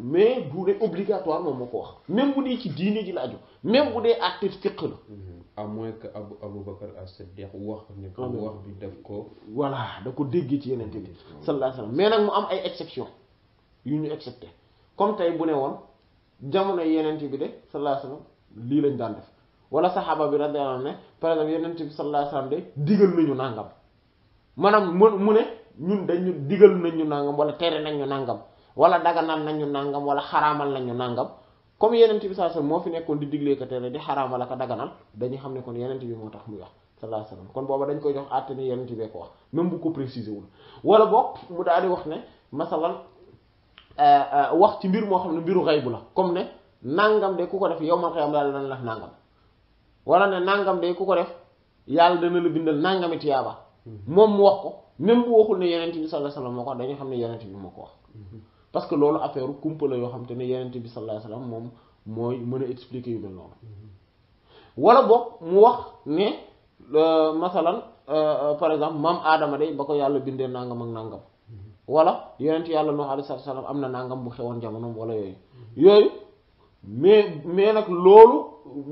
mais vous obligatoire même si ci la même vous actif mm-hmm. à moins que vous vous as-Siddiq wax ni ko voilà da ko ci mm-hmm. sallallahu alayhi mais mu am exception ñu comme vous bu ne jamono bi de sallallahu alayhi sallam lañ daan def wala sahaba bi radhiyallahu anhu par exemple sallam digal nañu nangam manam mu ne ñun dañu nañu nangam wala nangam. wala daganal nañu nàngam wala xaraamal nañu nàngam comme yenent bi sallallahu alayhi wasallam moo fi nekkoon di diglee ko tere di xaraamal ak daganal dañuy xam ne kon yenent bi moo tax muy wax sallallahu kon booba dañ koy jox àtte ni yenent bee ko wax même bu ko préciser wul wala mu daal di wax ne masalan euh, euh, wax ci mbir moo xam ne mbiru xaybu la comme ne nàngam de ku ko def yow man xëy am daal dana wala ne nàngam de ku ko def yàlla dana la bindal nàngami tiyaaba mm-hmm. moom mu wax ko même bu ne yenent bi sallallahu alayhi wasallam moo ko xam ne yenent bi moo ko wax mm-hmm. parce que loolu affaire kumpa la yoo xam te ne yenent bi sallallahu alayhi wasallam moom mooy mën a expliquer yu mel noonu wala boog mu wax ne euh, masalan euh, par exemple maam aadama day ba ko yàlla bindee nangam ak nangam wala yenent yàlla Nuh alayhi salaam am na nangam bu xewoon jamonoom wala yooyu yooyu mais mais nag loolu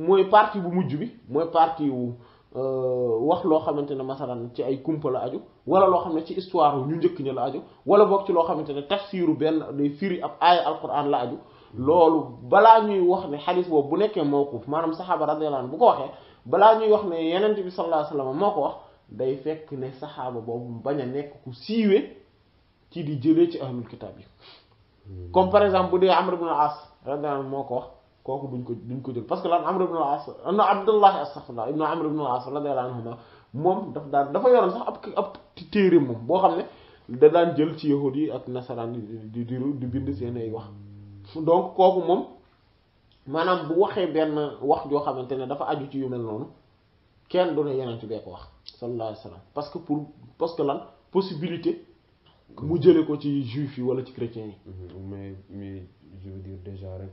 mooy partie bu mujj bi mooy partie wu Euh, wax loo xamante ne masalan ci ay kumpa la aju wala loo xam ne ci histoire ñu njëkk ña la aju wala boog ci loo xamante ne tafsiru benn day firi ab aaya alquran la aju loolu balaa ñuy wax ne xadis boobu bu nekkee mawquf maanaam saxaaba radiyallahu bu ko waxee balaa ñuy wax ne yenent bi sallallahu alayhi wasallam moo ko wax day fekk ne saxaaba boobu bañ a nekk ku siiwee ci di jëlee ci ahlul kitaab yi hmm. comme par exemple bu dee Amr ibn al-As radiyallahu moo ko wax كوكو بن كود بن كود باسكو لان عمرو بن العاص انا عبد الله استغفر الله ابن عمرو بن العاص رضي الله عنهما موم دا دا دا يورن صاح اب اب تيري موم بو خامني دا دان جيل سي يهودي اك نصران دي دي دي بيند سين اي واخ دونك كوكو موم مانام بو وخه بن واخ جو خامتني دا فا اجو تي يومل نون كين دون يانتي بيك واخ صلى الله عليه وسلم باسكو بور باسكو لان possibilité mu jele ko ci juif yi wala ci chrétien yi mhm. mais mais je veux dire déjà rek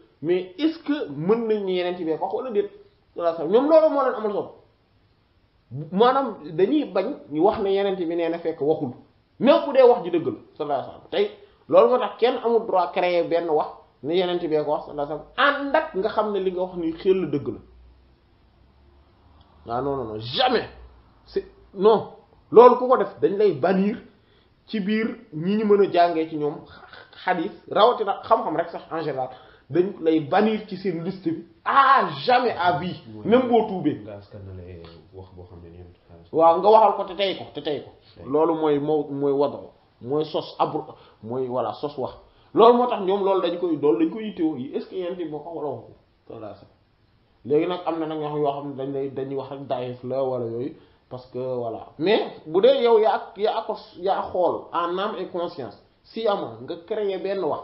mais est-ce que mën nañ ni yeneen ci bee ko wax wala déet sallallahu ñoom loolu moo leen amal solo maanaam dañuy bañ ñu wax ne yeneen bi nee na fekk waxul même ku dee wax ji dëgg la sallallahu alayhi wasallam tey loolu tax kenn amul droit benn wax yeneen bee wax sallallahu alayhi wasallam ak nga xam ne li nga wax ni xel la dëgg la ah non non jamais non loolu ku ko def dañ lay bannir ci biir ñi ñu mën a jàngee ci ñoom xadiis rawatina xam-xam rek sax en dañ lay bannir ci seen liste bi à jamais à vie même boo tuubee nga wax boo xam ne waaw nga waxal ko te tey ko te tey ko loolu mooy moo mooy mooy sos abru mooy voilà sos wax loolu moo tax ñoom loolu dañ koy loolu dañ koy yittewoo yi est-ce que yéen C'est moo ko wala wax ça léegi nag am na nag ñoo xam ne dañ lay dañuy wax ak daayif la wala yooyu parce que voilà mais bu dee yow yaa yaa ko yaa xool en âme et conscience si amoon nga créer benn wax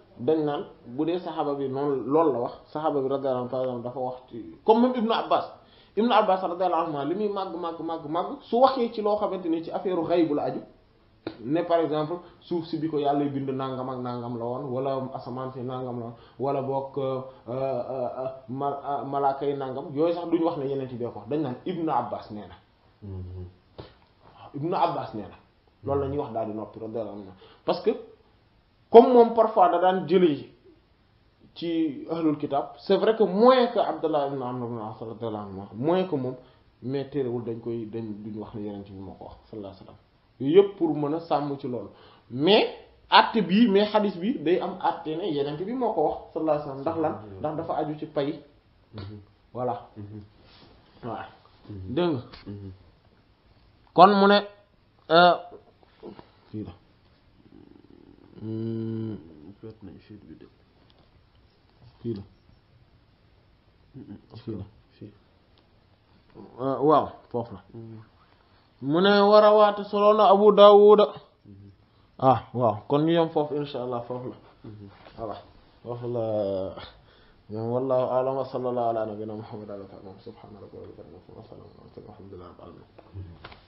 dañ naan bu dee saxaaba bi noonu loolu la wax saxaaba bi radiyallahu anhu par exemple dafa wax ci comme même Ibnu Abbas Ibnu Abbas radiyallahu anhu li muy màgg màgg màgg màgg su waxee ci loo xamante ni ci affaire ray bu la aju ne par exemple suuf si bi ko yàlla bind nàngam ak nangam la woon wala asamaan si nangam la woon wala boog euh, euh, euh, ma malaaka yi nangam yooyu sax duñu wax ne yeneen ci bee ko wax dañ naan Ibnu Abbas nee na mm-hmm. waaw Ibnu Abbas nee na loolu la ñuy wax daal di noppi comme mom parfois da dan jeli ci ahlul kitab c'est vrai que moins que Abdallah ibn Amr ibn As radhiyallahu anhu moins que mom mais téerewul dañ koy dañ duñ wax ni yeneen ci bi moo ko wax sallallahu alayhi wasallam yépp pour mëna sam ci lool mais acte bi mais hadith bi day am acte né yeneen bi moo ko wax sallallahu alayhi wasallam ndax lan mm-hmm. ndax dafa aju ci pay mm-hmm. voilà mm-hmm. waaw dégg kon mu né euh آه، منور روات سلونا ابو داوود اه واو كون نيوم فوف ان شاء الله فوف لا فوف لا يعني والله اعلم صلى الله على نبينا محمد عليه الصلاه والسلام سبحان ربي رب العزه والصلاه والسلام على رسول الله